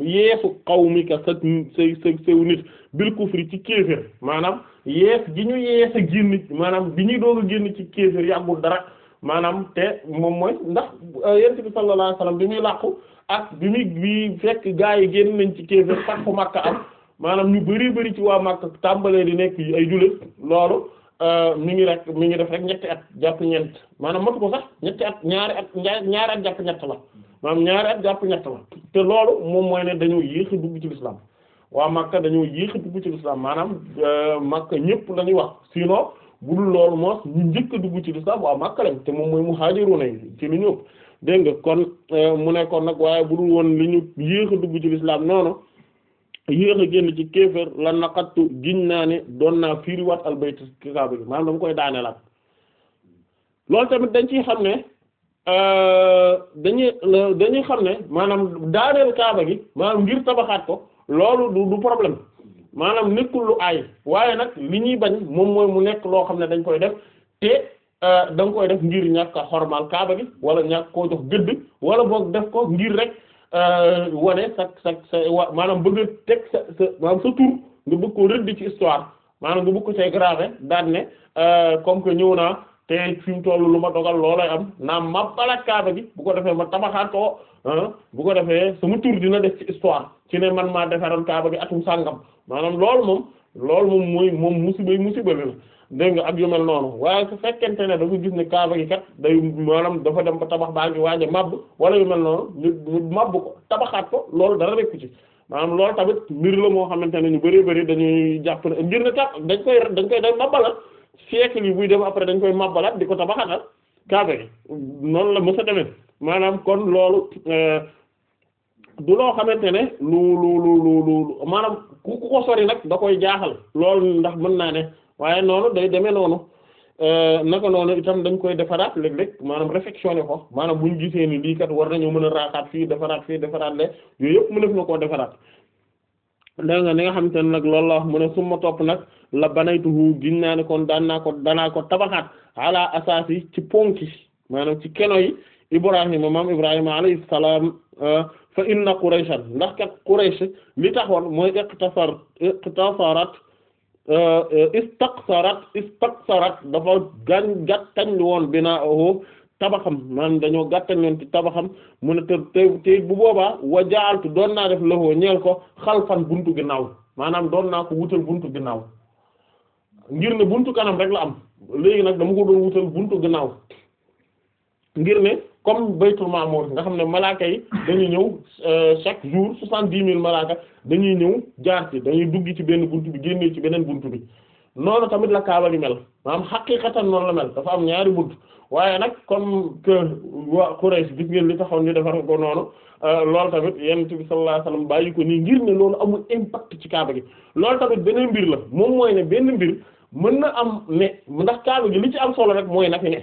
Speaker 2: yeesu qawmika sa say sa sew nit bil kufri ci kéefér maanaam yees gi ñu yees a génn maanaam bi ñuy doog a génn ci kéefér yàggul dara maanaam te moom mooy ndax uh, yent bi sallallahu alayhi wasallam ak bi muy bi fekk gaa yi génn nañ ci kéefér sax fu Makka am maanaam ñu bari bari ci waa Makka tàmbalee di nekk ay jullit loolu euh, mi ngi rek mi ngi def rek ñetti at jàpp ñeent maanaam matu ko sax ñetti ak ñaari at ñaari at jàpp ñett la maanaam ñaari at jàpp ñett la te loolu moom mooy ne dañoo yéex dugg ci l'islam waa Makka dañoo yéex dugg ci l'islam maanaam euh, Makka ñépp la ñuy wax sinon budul loolu moos ñu njëkk dugg ci l'islam waa Makka lañ te moom mooy muhajiruna ci lu dégg nga kon euh, mu ne kon nag waaye bu dul woon li ñu yéex dugg ci lislaam noonu yéex génn ci kéefër la naqattu giñ naa ne doon naa fiiriwaat albayt kaaba gi maanaam dama koy daaneelaat loolu tamit dañ ciy xam ne euh, dañuy dañuy xam ne maanaam daaneel kaaba gi maanaam ngir tabaxaat ko loolu du du problème maanaam nekkul lu aay waaye nag li ñuy bañ moom mooy mu nekk loo xam ne dañ koy def te Euh, da nga koy def ngir ñàkk a xormaal kaaba gi wala ñàkk koo jox gëdd wala boog def ko ngir rek euh, wane sa sa sa wa maanaam bëgg teg sa sa maanaam sa tur nga bëgg ko ci histoire maanaam nga bëgg ko see gravé daan ne euh, comme que ñëw naa te fi mu toll lu ma dogal loolay am naam ma balaat kaaba gi bu ko defee ma tabaxaat ko bu ko defee sama tur dina def ci histoire ci ne man maa defaral kaaba gi atum sàngam maanaam loolu moom loolu moom mooy moom musiba musiba la. dégg nga ak yu noonu waaye su fekkente ne dafa gis ne kaaba gi kat day maanaam dafa dem ba tabax baa ngi waaj a màbb wala yu mel noonu màbb ko tabaxaat ko loolu dara rekku ci maanaam loolu tamit mbir la moo xamante ne ñu bari bari dañuy jàpp ne mbir na tax dañ koy dañ koy dem mabbalat yi buy dem après dañ koy mabbalat di ko tabaxatal kaaba noonu la mësa demee maanaam kon loolu euh, du loo xamante ne lu lu lu lu maanaam ku ko sori nag da koy jaaxal loolu ndax mën naa ne waaye noonu day demee noonu euh, naka noonu itam dañ koy defaraat léeg-léeg maanaam réfectionné ko maanaam buñ gisee ni lii kat war nañoo mën a raaxaat fii defaraat fii defaraat le yooyu yëpp mu def na koo defaraat nga li nga xamante ne nag loolu la wax mu ne suma topp nag la banaytuhu giñ naa ne kon daan naa ko danaa ko tabaxaat ala asaas yi ci ponki maanaam ci keno yi Ibrahima maam Ibrahima alayhi salaam euh, fa inna Qurayshan ndax kat Quraysh li taxoon mooy iqtasar iqtasarat Euh, euh, istaqsarat istaqsarat dafa gàn gàttañ woon binaahu tabaxam maanaam dañoo gàttañ woon ci tabaxam mu ne te te bu boobaa ti doon naa def loxo ñeel ko xalfan buntu ginnaaw maanaam doon naa ko wutal buntu ginnaaw ngir ne buntu kanam rek la am léegi nag dama ko doon wutal buntu ginnaaw ngir ne comme baytul maamur nga xam ne malaaka yi dañuy ñëw euh, chaque jour soixante dix mille malaaka dañuy ñëw jaar ci dañuy dugg ci benn buntu bi génnee ci beneen buntu bi noonu tamit la kaaba gi mel maanaam xaqiiqatan noonu la mel dafa am ñaari buntu waaye nag comme waa Quraysh gis ngeen li taxoon ñu defar ko noonu euh, lool tamit yonent bi sallallahu alayhi wasallam bàyyi ko nii ngir ne loolu amul impact ci kaaba gi lool tamit beneen mbir la moom mooy ne benn mbir mën na am ne ndax kaaba gi li ci am solo rek mooy nag ne.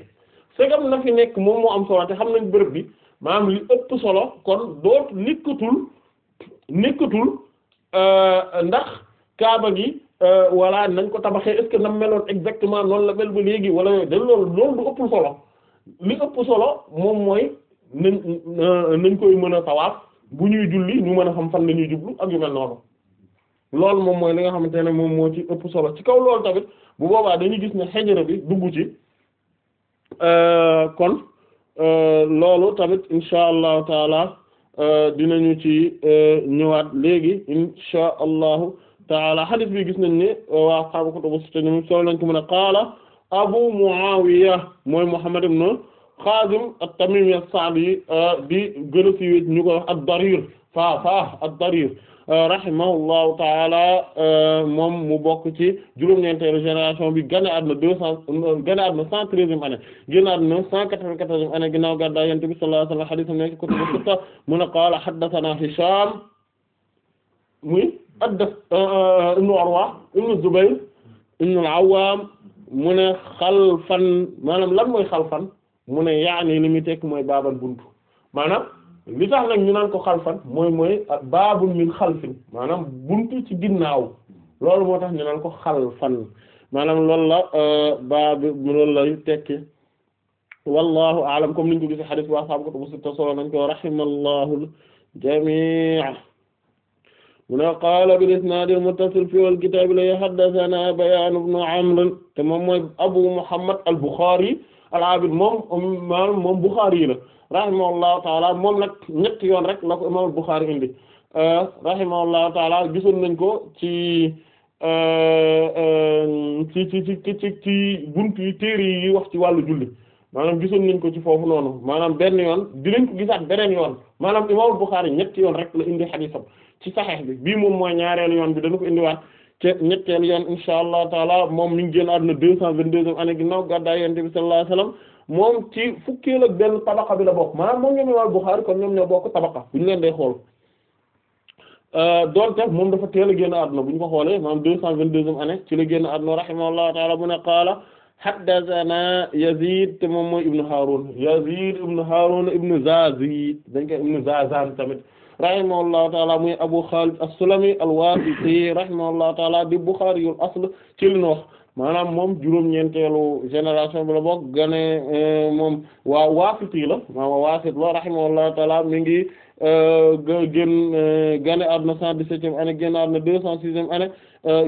Speaker 2: segam na fi nekk moom moo am solo te xam nañ bërëb bi maam li ëpp solo kon doot nekkatul nekkatul euh, ndax kaaba gi walla euh, nañ ko tabaxee est na meloon exactement noonu la mel ba léegi walla yooyu da loolu loolu du ëpp solo li ëpp solo moom mooy nañ euh, nañ koy mën a tawaaf bu ñuy julli ñu mën a xam fan la ñuy jublu ak yu mel noonu loolu moom mooy li nga xamante ne moom moo ci ëpp solo ci kaw loolu tamit bu boobaa dañuy gis ne xejara bi dugg ci Euh, kon euh, loolu tamit insha allahu taala euh, dinañu ci ñëwaat léegi insha allahu taala hadith bi gis nañ ne waa xaaba kutubu sitta ñu solo lañ ko mën a qaala abu muawiya mooy muhammad ibn xaasim at-tamimi as-sa'di di gën a siiwee ñu ko wax ad-darir faa faa ad-darir rahimahullahu taala euh, moom mu bokk ci juróom-ñeenteelu génération bi gane àdduna deux cent gane àdduna cent treizième année génn àdduna cent quatre-vingt-quatorzième année ginnaaw gàddaay Yonent bi sallallahu alayhi wa sallam hadith am nekk kutubu sitta mu ne qaala haddathana Hisham muy adda euh, euh, ibnu Urwa ibnu Zubayr ibnu al-Awwam mu ne xalfan maanaam lan mooy xalfan mu ne yaani li muy tekk mooy baaban buntu maanaam li tax nag ñu naan ko xalfan mooy mooy baabul min xalfin maanaam buntu ci ginnaaw loolu moo tax ñu naan ko xalfan maanaam loolu la euh, baabu loolu lay tekki wallahu aalam comme niñ ko gisee xadis waa sahabu kutubu sitta solo nañ ko rahimallahu jamii mu ne qaala bil isnaadil muttasil fi wal kitaab la haddathana bayaan ibn amr te moom mooy abu muhammad al al-Abid moom maanaam moom Bukhari yi la rahimahullahu taala moom nag ñetti yoon rek la ko imam Bukhari indi euh, rahimahullahu taala gisoon nañ ko ci euh, euh, ci ci ci ci ci buntu yi yi wax ci wàllu julli maanaam gisoon nañ ko ci foofu noonu maanaam benn yoon dinañ ko gisaat beneen yoon maanaam imam Bukhari ñetti yoon rek la indi xadiisam ci saxeex bi bii moom mooy ñaareelu yoon bi dana ko indiwaat. te ñetteelu yoon insha allah taala moom mi ngi génn àdduna deux cent vingt-deuxième année ginnaaw gàddaay yonent bi sallallahu alayhi wasallam moom ci fukkeel ak benn tabaqa bi la bokk maanaam moom ñoom imam Bukhari kon ñoom ñoo bokk tabaqa leen dee xool euh, donte moom dafa teel a génn àdduna bu ñu ko xoolee maanaam deux cent vingt-deuxième année ci la génn àdduna rahimahullahu taala mu ne qaala haddathana Yazid te moom mooy ibnu Harun Yazid ibnu Harun ibnu Zazi dañ koy ibnu tamit rahimahullahu taala muy Abu Khalid as-Sulami al-Wasiti rahimahullahu taala di Bukhari yu asl ci li ñu wax maanaam moom juróom-ñeenteelu génération bi la bokk gane e, moom waa Wasiti la maanaam Wasit la rahimahullahu taala mi ngi e, gën e, gane àdduna 117e année génn àdduna 206e année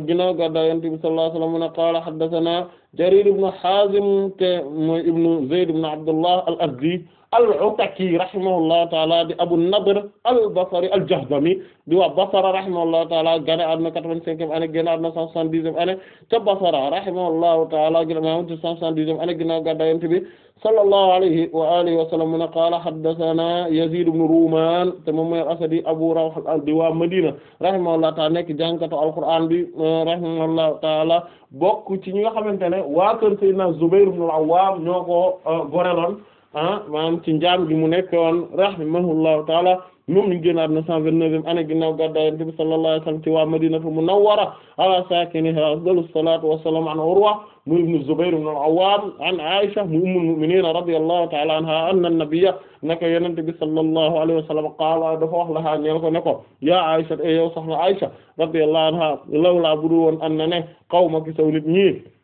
Speaker 2: ginnaaw gàddaay Yonent bi sallallahu alayhi wa sallam mu ne qaala haddathana Jarir ibn Hazim te mooy ibnu Zayd ibn Abdullah al-Azdi al-Ataki rahimahullahu taala di Abu Nadr al-Basri al-Jahdami di waa Basra rahimahullahu taala gane àdduna 85e année génn àdduna 170e année ca Basra rahimahullahu taala gën a maanaam 170e année ginnaaw gàddaay bi sallallahu alayhi alihi wa sallam qaala haddathana Yazid ibn Ruman te moom al-Asadi Abu Rawh di waa Madina rahimahullahu taala nekk jàngkatu al-Qur'an bi eh, rahimahullahu taala bokk ci ñi nga xamante ne waa kër Sayyidina Zubayr ibn al-Awwam ñoo ko eh, ah maanaam ci njaam gi mu nekkoon rahimahullahu taala moom mi ngi génn àdduna cent vingt-neuvième année ginnaaw gàddaay Yonent bi sallallahu alayhi wa sallam ci waa Madinatu Munawwara ala saakinihaa afdalu salaatu wa salaam an Urwa mu ibnu Zubayr ibn al-Awwaam an Aisha mu ummul mu'miniina radiyallahu taala anha anna nabiyya naka Yonent bi sallallahu alayhi wa sallam qaala dafa wax lahaa ñeel ko ne ko yaa Aisha e eh, yow soxna Aisha radiyallahu anha lawlaa budul woon an na ne qawmaki saw nit ñi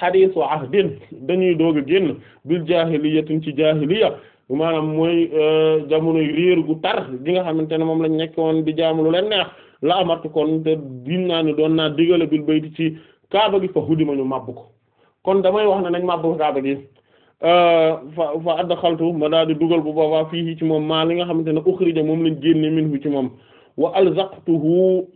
Speaker 2: xadiisu ahdin dañuy doog a génn bil jaahiliyatin ci jaahiliya maanaam mooy euh, jamonoy réer gu tar gi nga xamante ne moom lañ nekk woon di jaamu lu leen neex la amatu kon te naa ne doon naa digale bil bayti ci kaaba gi fa hudima ñu màbb ko kon damay wax ne nañ màbb kaaba gi euh, fa fa adxaltu ma daal di dugal bu boobaa fii ci moom maa li nga xamante ne uxrija moom lañ génnee minhu ci moom wa alzaqtuhu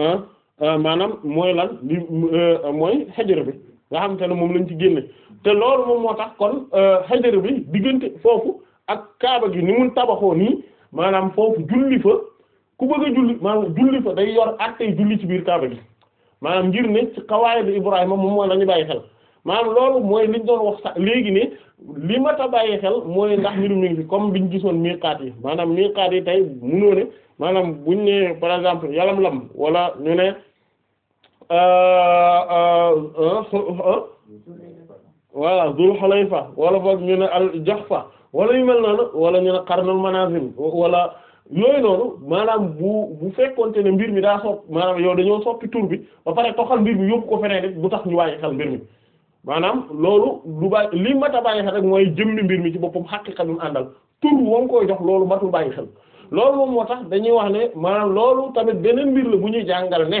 Speaker 2: ah, ah, maanaam mooy lan li euh, mooy xajr bi nga xam te ne moom lañu ci génne te loolu moom moo tax kon xajar euh, bi diggante foofu ak kaaba gi ni mun tabaxoo nii maanaam foofu julli fa ku bëgg a julli maanaam julli fa day yor attey julli ci biir kaaba gi maanaam ngir ne ci xawaayidu Ibrahima moom mooy la ñu bàyyi xel maanaam loolu mooy liñ doon wax sax léegi ne li ma ta bàyyi xel mooy ndax mbiru mi ngi fi comme biñ gisoon miqaat yi maanaam miqaat yi tey munoo ne maanaam buñ ne par exemple yalam lam wala Euh, euh, euh, voilà Dul Xulayfa wala boog ñu ne al Juhfa wala yu mel noonu wala ñu ne Qarnul Manazil wala yooyu noonu maanaam bu bu te ne mbir mi daa sopp maanaam yow dañoo soppi tur bi ba pare toxal mbir mi yóbbu ko feneen it bu tax ñu waaye xel mbir mi maanaam loolu du bàyyi li mat a bàyyi xel rek mooy jëmmi mbir mi ci boppam xaqiqa bi mu àndal tur moom koy jox loolu matul bàyyi xel loolu moom moo tax dañuy wax ne maanaam loolu tamit beneen mbir la bu ñuy jàngal ne.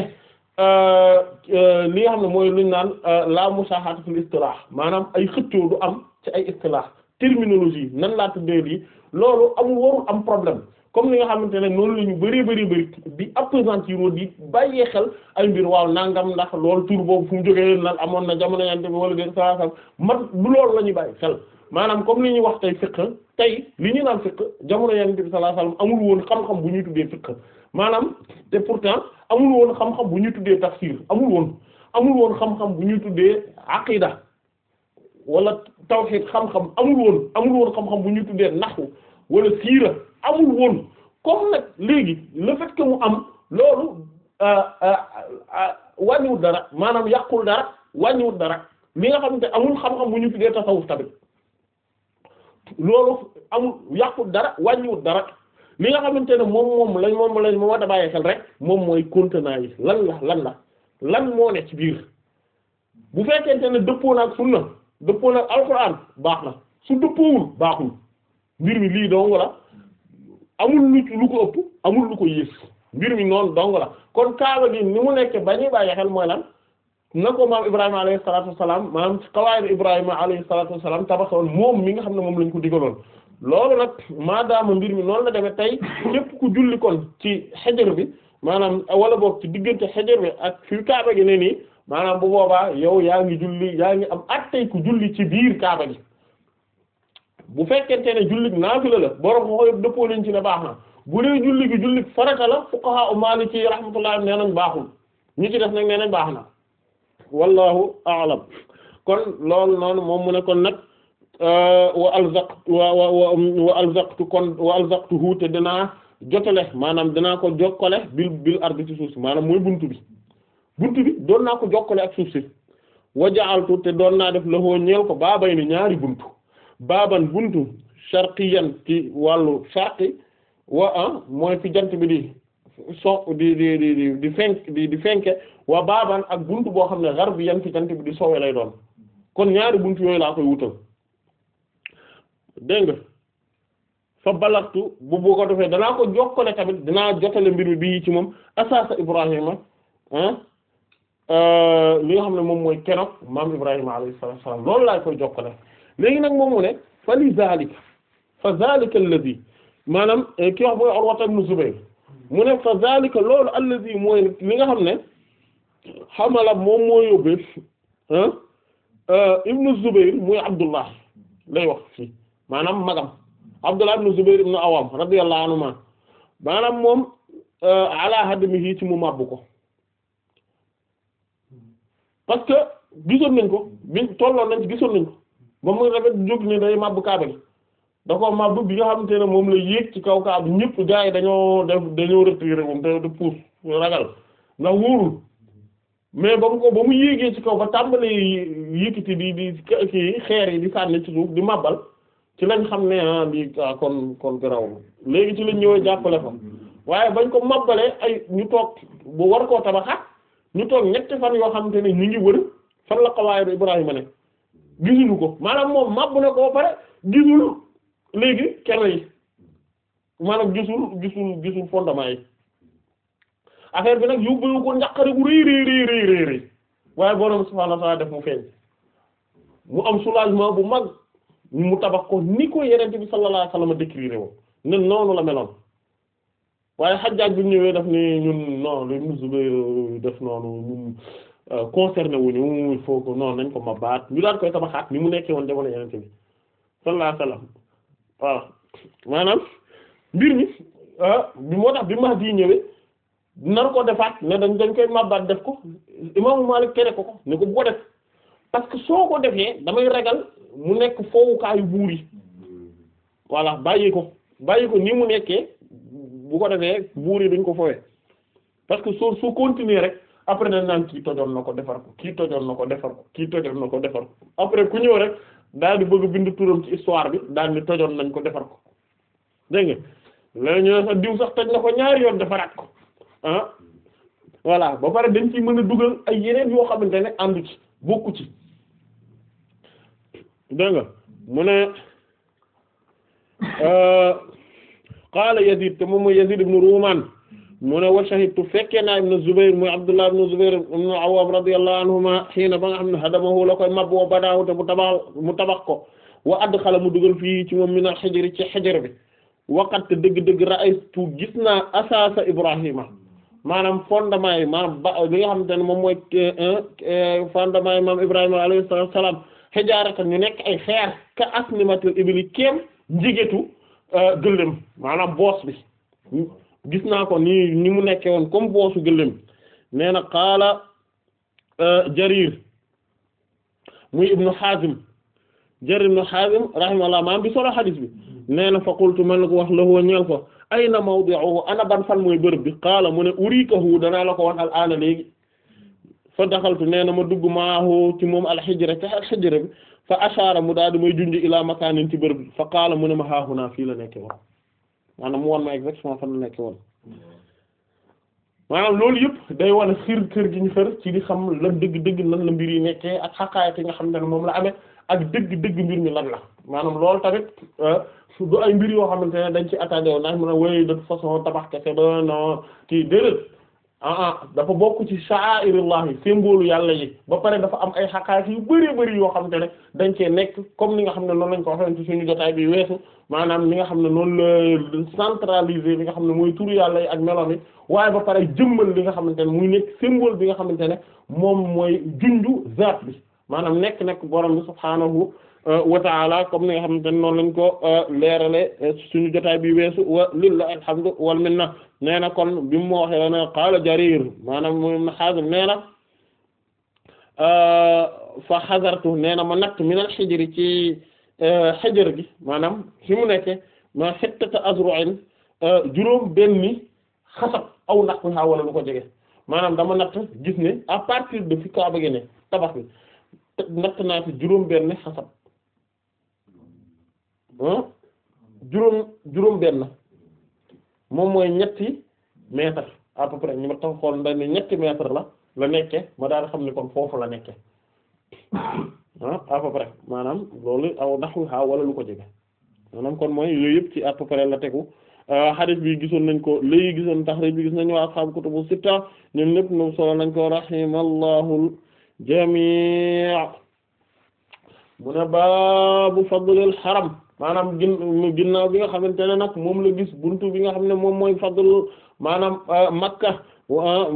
Speaker 2: Euh, euh, li nga xam ne mooy luñ naan euh, laa musaahaata fil istilaah maanaam ay xëccoo du am ci ay istilaah terminologie nan laa tuddee lii loolu amul warul am problème comme li nga xamante ne noonu la ñu bëree bëri bëri di appesantir woon di bàyyee xel ay mbir waaw nangam ndax lool tur boobu fu mu jógee lan amoon na jamono yante bi wala dén saa saa mat du loolu la ñuy bàyyi xel maanaam comme li ñuy wax tey fiqh tey li ñu naan fiqh jamono yante bi sallallahu alayhi amul woon xam bu ñuy tuddee fiqh maanaam te pourtant amul woon xam-xam bu ñu tuddee tafsir amul woon amul woon xam-xam bu ñu tuddee aqida walla tawhid xam-xam amul woon amul woon xam-xam bu ñuy tuddee naxu wala siira amul woon comme nag léegi le fait que mu am loolu euh, euh, euh, wàññiwul dara maanaam yàqul dara wàññiwul dara li nga xam xamante amul xam-xam bu ñu tuddee tasawuf tamit loolu amul yàqul dara wàññiwul dara li nga xamante ne moom moom lañ moom lañ moo war a bàyyi xel rek moom mooy contenant yi lan la lan la lan moo ne ci biir bu fekkente ne dëppoo ak sunna dëppoo na ak alxuraan baax na su dëppoowul baaxul mbir mi lii dong la amul lu lu ko ëpp amul lu ko yées mbir mi noonu dong la kon kaaba gi ni mu nekk bañuy bàyyi xel mooy lan na ko maam Ibrahima alayhi salaatu wa salaam maanaam xawaayu Ibrahima alayhi salaatu wa salaam tabaxoon moom mi nga xam ne moom lañ ko digaloon. loolu nag maadaama mbir mi noonu la deme tey képp ku julli kon ci xajar bi maanaam wala boog ci diggante xajar bi ak fi kaaba gi ne nii maanaam bu boobaa yow yaa ngi julli yaa ngi am at tey ku julli ci biir kaaba gi bu fekkente ne jullit naa la borom ko yëpp dëppoo ci ne baax na bu dee julli gi jullit farata la fuqaha maliki rahmatullah nee nañ baaxul ñi ci def nag nee nañ baax na wallahu a'lam kon loolu noonu moom mu ne kon nag wa alzaq wa wa wa alzaqtu kon wa alzaqtuhu te dinaa jotale maanaam dinaa ko jokkale bil bil ardi ci suuf si maanaam mooy buntu bi buntu bi doon naa ko jokkale ak suuf si waja'altu te doon naa def loxo ñeel ko baabay ni ñaari buntu baaban buntu sharqiyan ci wàllu sharqi wa ah mooy fi jant bi di so di di di di di fenk di fenke wa baaban ak buntu boo xam ne garbiyan fi jant bi di sowe lay doon kon ñaari buntu yooyu la koy wutal dégg nga fa balagtu bu bu ko danaa ko jokkale tamit danaa jotale mbir mi bii ci moom asaasa Ibrahima euh, li nga xam ne moom mooy keroog maam Ibrahima alayhi salaatu loolu laay koy jokkale léegi nag moom mu ne fa li zaalika fa zaalika alladhi maanaam eh, ki wax booy mu ne fa zaalika loolu alladhi mooy li xam ne xamala moom moo euh, ibnu Zubayr muy Abdullah lay wax fii. maanaam magam Abdullah ibn Zubayr ibn Awam radiyallahu anhuma maanaam moom euh, ala hadmihi ci mu màbb ko parce que gisoon nañ ko bi tolloon nañ ci gisoon nañ ko ba mu rafet jóg ne day màbb kaaba gi da ko màbb bi nga xamante ne moom la yéeg ci kaw kaaba ñëpp gars dañoo def dañoo retiré moom te de puus ragal ndax wóorul mais ba mu ko ba mu yéegee ci kaw ba tàmbalee yëkkati di di kii xeer yi di sànni ci suuf di màbbal ci lañ xam ne ah di ah, kon kon garaw léegi ci lañ ñëwee jàppale ko waaye bañ ko mabbalee ay ñu toog bu war koo tabaxaat ñu toog ñetti fan yoo xamante ne ñu ngi wër fan la xawaayiru Ibrahima ne gisuñu ko maanaam moom mabb na ko ba pare gisul léegi kere yi maanaam gisul gisul gisul fondement yi affaire bi nag yóbbu ko njaqare gu rëy rëy rëy rëy rëy waaye borom subhaanahu wa ta'aala def mu feeñ mu am soulagement bu mag. mu tabax ko ni ko yenente bi sallallahu alayhi wasallam décrire woon ne noonu la meloon waaye Hajjaj bi ñëwee daf ne ñun non lu mu Zubayr def noonu ñun euh, concerné wuñu il faut que non lañ ko ma baat ñu daan koy tabaxaat ni mu nekkee woon jamono yenente bi sallallahu alayhi wasallam waaw maanaam mbir mi ah, bi moo tax bi bii ñëwee nar ko defaat ne dañ dañ koy mabbaat def ko imaamu Maalik tere ko ko ne ko bu ko def parce que soo ko defee damay ragal mu nekk fowukaayu buur yi voilà bàyyi ko bàyyi ko ni mu nekkee bu ko defee buur yi dañ ko fowee parce que soo soo continuer rek après dañ daan kii tojoon na ko defar ko kii tojoon na ko defar ko kii tojoon na ko defar ko après ku ñëw rek daal di bëgg bind turam ci histoire bi daal di tojoon nañ ko defar ko dégg nga léegi ñu ne sax diw sax toj na ko ñaari yoon defaraat ko ah voilà ba pare dañ ci mën a dugal ay yeneen yoo xamante ne àndu ci bokku ci dégg nga mu ne euh, qaala Yazid te moom mooy Yazid ibn Rumaan mu ne wa shahidtu fekkee naa ibn Zubayr muy Abdullah ibn Zubayr ibn Awwaam radiyallahu anhuma xiina ba nga xam ne hadamahu la koy mab wa badaahu te mu tabax mu tabax ko wa adxala mu dugal fii ci moom min al-hijri ci xajar bi waqat dëgg-dëgg ra'aytu gis naa asaasa Ibrahima maanaam fondement yi maanaam ba li nga xamante ne moom mooy euh, euh, fondement yi maam Ibrahima alayhi salaam hijaratan ñu nekk ay xeer ka asnimatil ibli kéem njigetu euh, gëléem maanaam boos bi gis naa ko ni ni mu nekke woon comme boosu gëléem nee na qaala euh, jarir muy ibnu hazim jarir ibnu hazim rahimahullah maam bi solo xadis bi nee na fa qultu man la ko wax lahu ñeel ko ayna mawdi'uhu ana ban fan mooy bërëb bi qaala mu ne urikahu danaa la ko wax al aana léegi fa daxaltu nee na ma dugg maahu ci moom alxijra ci alxijra bi fa ashaara mu daal di may junj ilaa makaanin ci bërëb bi fa qaala mu ne ma haahunaa fii la nekke woon maanaam mu won ma exactement fan la nekke loolu yëpp day wane xir kër gi ñu xër ci di xam lan dëgg-dëgg nag la mbir yi ak xaqaayat yi nga xam ne moom la ame ak dëgg-dëgg mbir mi lan la maanaam lool tamit euh, du ay mbir yoo xamante ne dañ ci attaqué woon naan mu a wéy de façon tabax kese ba non kii déedéet ah dafa bokk ci sha'airullah yi symbole yàlla yi ba pare dafa am ay xaqaati yu bari bari yoo xam te ne dañ nekk comme ni nga xam ne noonu lañ ko waxee ci suñu jotaay bi nga xam ne noonu la centraliser li nga xam ne mooy turu yàlla yi ak meloom yi waaye ba pare jëmmal li nga xamante ne muy nekk symbole bi nga xamante ne moom mooy junju zaat bi maanaam nekk nekk borom bi subhaanahu wa ta'ala comme ni nga xamante ne noonu lañ ko euh, leerale euh, suñu jotaay bi weesu wa lillahi alhamdu wal na nee na kon bi mu waxee la ne qaala Jarir maanaam moom na xaazir nee na euh, fa xazartu na ma natt min al xijri ci xajar gi maanaam fi mu nekke ma xittata azru'in juróom benni xasab aw naq wi wala lu ko jege maanaam dama natt gis ne à partir de fi kaaba gi ne tabax bi natt naa fi juróom benni xasab Hmm? juróom juróom benn moom mooy ñetti mètre à peu près ma tax xool ndax ñetti mètre la la nekke ma daal xam ne kon foofu la nekke ah hmm? à peu près maanaam loolu aw ndax xaa wala lu ko jege maanaam kon mooy yooyu yëpp ci à peu près la tegu hadith euh, bi gisoon nañ ko léegi gisoon taxrij bi gis nañu waa ashaabu kutubu sitta ñoom ñëpp ñoom solo nañ ko rahimallahu jami' mu ne baabu fadlil haram maanaam gin ginnaaw bi nga xamante ne nag moom la gis buntu bi nga xam ne moom mooy fadlu maanaam euh, makka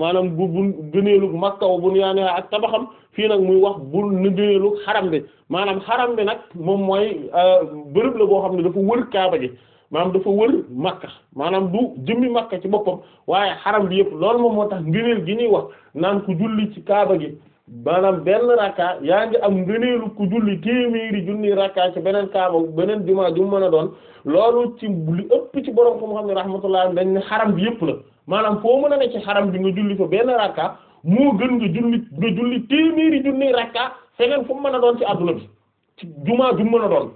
Speaker 2: maanaam bu bu gëneelu makka wa bunyaaniha ak tabaxam fii nag muy wax bu nu gëneelu xaram bi maanaam xaram bi nag moom mooy euh, bërëb la boo xam ne dafa wër kaaba ji maanaam dafa wër makka maanaam du jëmmi makka ci boppam waaye xaram bi yëpp loolu moom moo tax ngëneel gi ñuy wax naan ku julli ci kaaba gi. maanaam benn rakka yaa ngi am ngëneelu ku julli téeméeri junni rakka ci beneen kaaba beneen jumaa ju mën a doon loolu ci li ëpp ci borom ko xam ne rahmatullah dañ ne xaram bi yëpp la maanaam foo mën a ne ci xaram bi nga julli fa benn rakka moo gën nga julli nga julli téeméeri junni rakka feneen fu mu mën a doon ci adduna bi ci jumaa ju mën a doon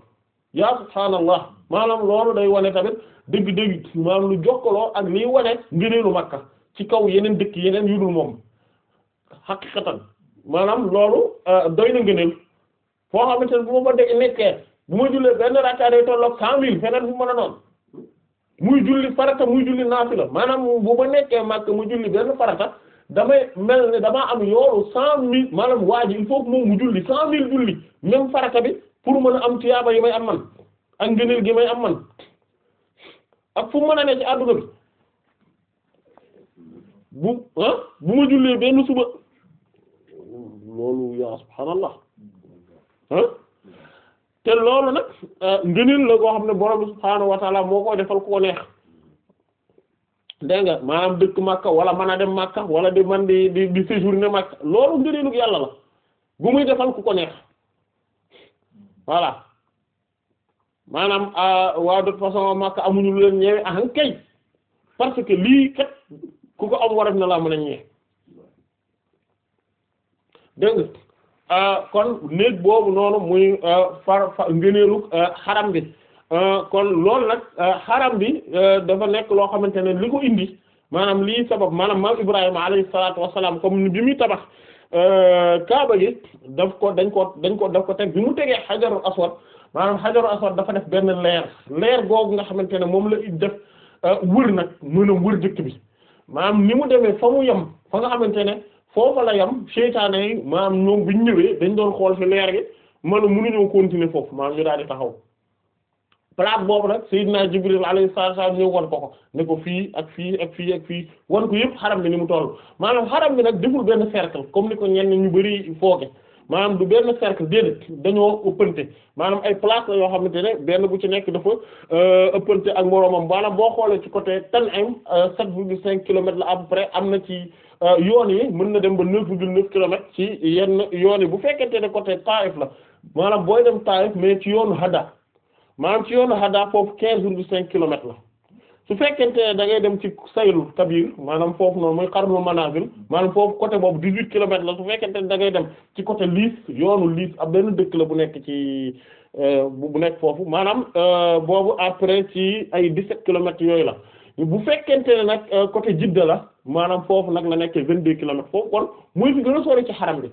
Speaker 2: yaa subhaanallah maanaam loolu day wane tamit dëgg-dëgg maanaam lu jokkaloo ak liy wane ngëneelu Makka ci kaw yeneen dëkk yeneen yu dul moom maanaam loolu euh, doy na ngëneel foo xamante ne bu ma ba dégg nekkee bu ma jullee benn rakka day tolloog cent mille feneen fu mën a noonu muy julli farata muy julli naafila maanaam bu ma nekkee Makka mu julli benn farata damay mel ne damaa am yoolu cent mille maanaam waa ji il faut moom mu julli cent mille julli même farata bi pour mën a am tiyaaba yi may am man ak ngëneel gi may am man ak fu mën a ne ci bi bu ah bu ma jullee benn suba loolu yaa subhaanallah te loolu nag euh, ngëneel la goo xam ne borom subhaanahu wa taala moo koy defal koo neex dégg nga maanaam dëkk Makka wala mën a dem Makka wala di man di di di séjourner Makka loolu ngëneelug yàlla la bu muy defal ku ko neex voilà maanaam euh, waa de façon Makka amuñu lu leen ñeewe ahan kay parce que lii kat ku ko am war na laa mën a ñeex dégg euh, kon néeg boobu noonu muy euh, far far ngëneelu euh, xaram bi kon loolu nag xaram bi dafa nekk loo xamante ne li ko indi maanaam lii sabab maanaam maam Ibrahima alayhi salaatu wassalaam comme bi muy tabax kaaba gi daf ko dañ ko dañ ko daf ko teg bi mu tegee xajaru aswad maanaam xajaru aswad dafa def benn leer leer googu nga xamante ne moom la it def wër nag mën a wër jëkk bi maanaam ni mu demee fa mu yem fa nga xamante ne foofa la yam seytaane yi maanaam ñoom bu ñu ñëwee dañ doon xool fi leer gi manu mënuñoo continuer foofu maanaam ñu daal di taxaw place boobu nag Seydina Jibril alayhi salaam ñu wan ko ko ne ko fii ak fii ak fii ak fii wan ko yëpp xaram bi ni mu toll maanaam xaram bi nag deful benn cercle comme ni ko ñenn ñu bari fooge maanaam du benn cercle déedéet dañoo ëppante maanaam ay place la yoo xamante ne benn bu ci nekk dafa euh, ëppante ak moroomam maanaam boo xoolee ci côté Tan'im euh, sept virgule cinq kilomètres la à peu am na ci euh, yoon yi mën na dem ba neuf virgule neuf kilomètres ci yenn yoon yi bu fekkente ne côté Taif la maanaam booy dem Taif mais ci yoonu Hada maanaam ci yoonu Hada foofu quinze virgule cinq kilomètres la su fekkente ne da dem ci saylul kabir maanaam foofu noonu mooy xarnul manazil maanaam foofu côté boobu dix-huit kilomètres la su fekkente ne da ngay dem ci côté Liis yoonu Liis ab benn dëkk la bu nekk ci euh, bu nekk foofu maanaam euh, boobu après ci ay dix-sept kilomètres yooyu la bu fekkente ne nag euh, côté Jidda la maanaam foofu nag la nekkee vingt-deux kilomètres foofu kon muy fi gën a sori ci xaram bi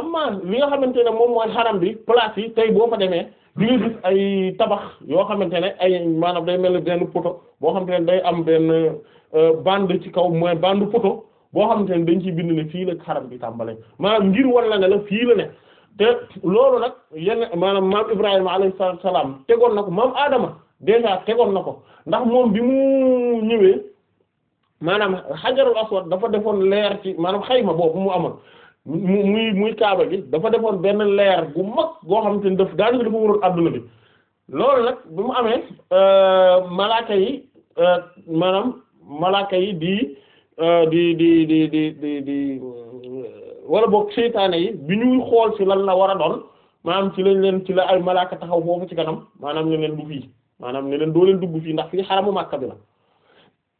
Speaker 2: amma li nga xamante ne moom mooy xaram bi place yi tey boo fa demee li nga ay tabax yoo xamante ne ay maanaam day mel ni benn poto boo xamante ne day am benn euh, bande ci kaw mooy bande poto boo xamante ne dañ ciy bind ne fii la xaram bi tàmbalee maanaam ngir war la ne ne te loolu nag yenn maanaam maam Ibrahima alayhi salaam tegoon na ko maam Adama déjà tegoon na ko ndax moom bi mu ñëwee maanaam xajarul aswad dafa defoon leer ci maanaam xayma boobu mu amoon muy muy kaaba bi dafa defoon benn leer gu mag goo xamante ni daf daanaka dafa waroon àdduna bi loolu nag bi mu amee euh, malaaka yi euh, maanaam malaaka yi di euh, di di di di di di wala boog seytaane yi bi ñuy xool ci lan la war a doon maanaam ci lañ leen ci la ay malaaka taxaw foofu ci kanam maanaam ne leen du fii maanaam ne leen doo leen dugg fii ndax fii xaramu Makka bi la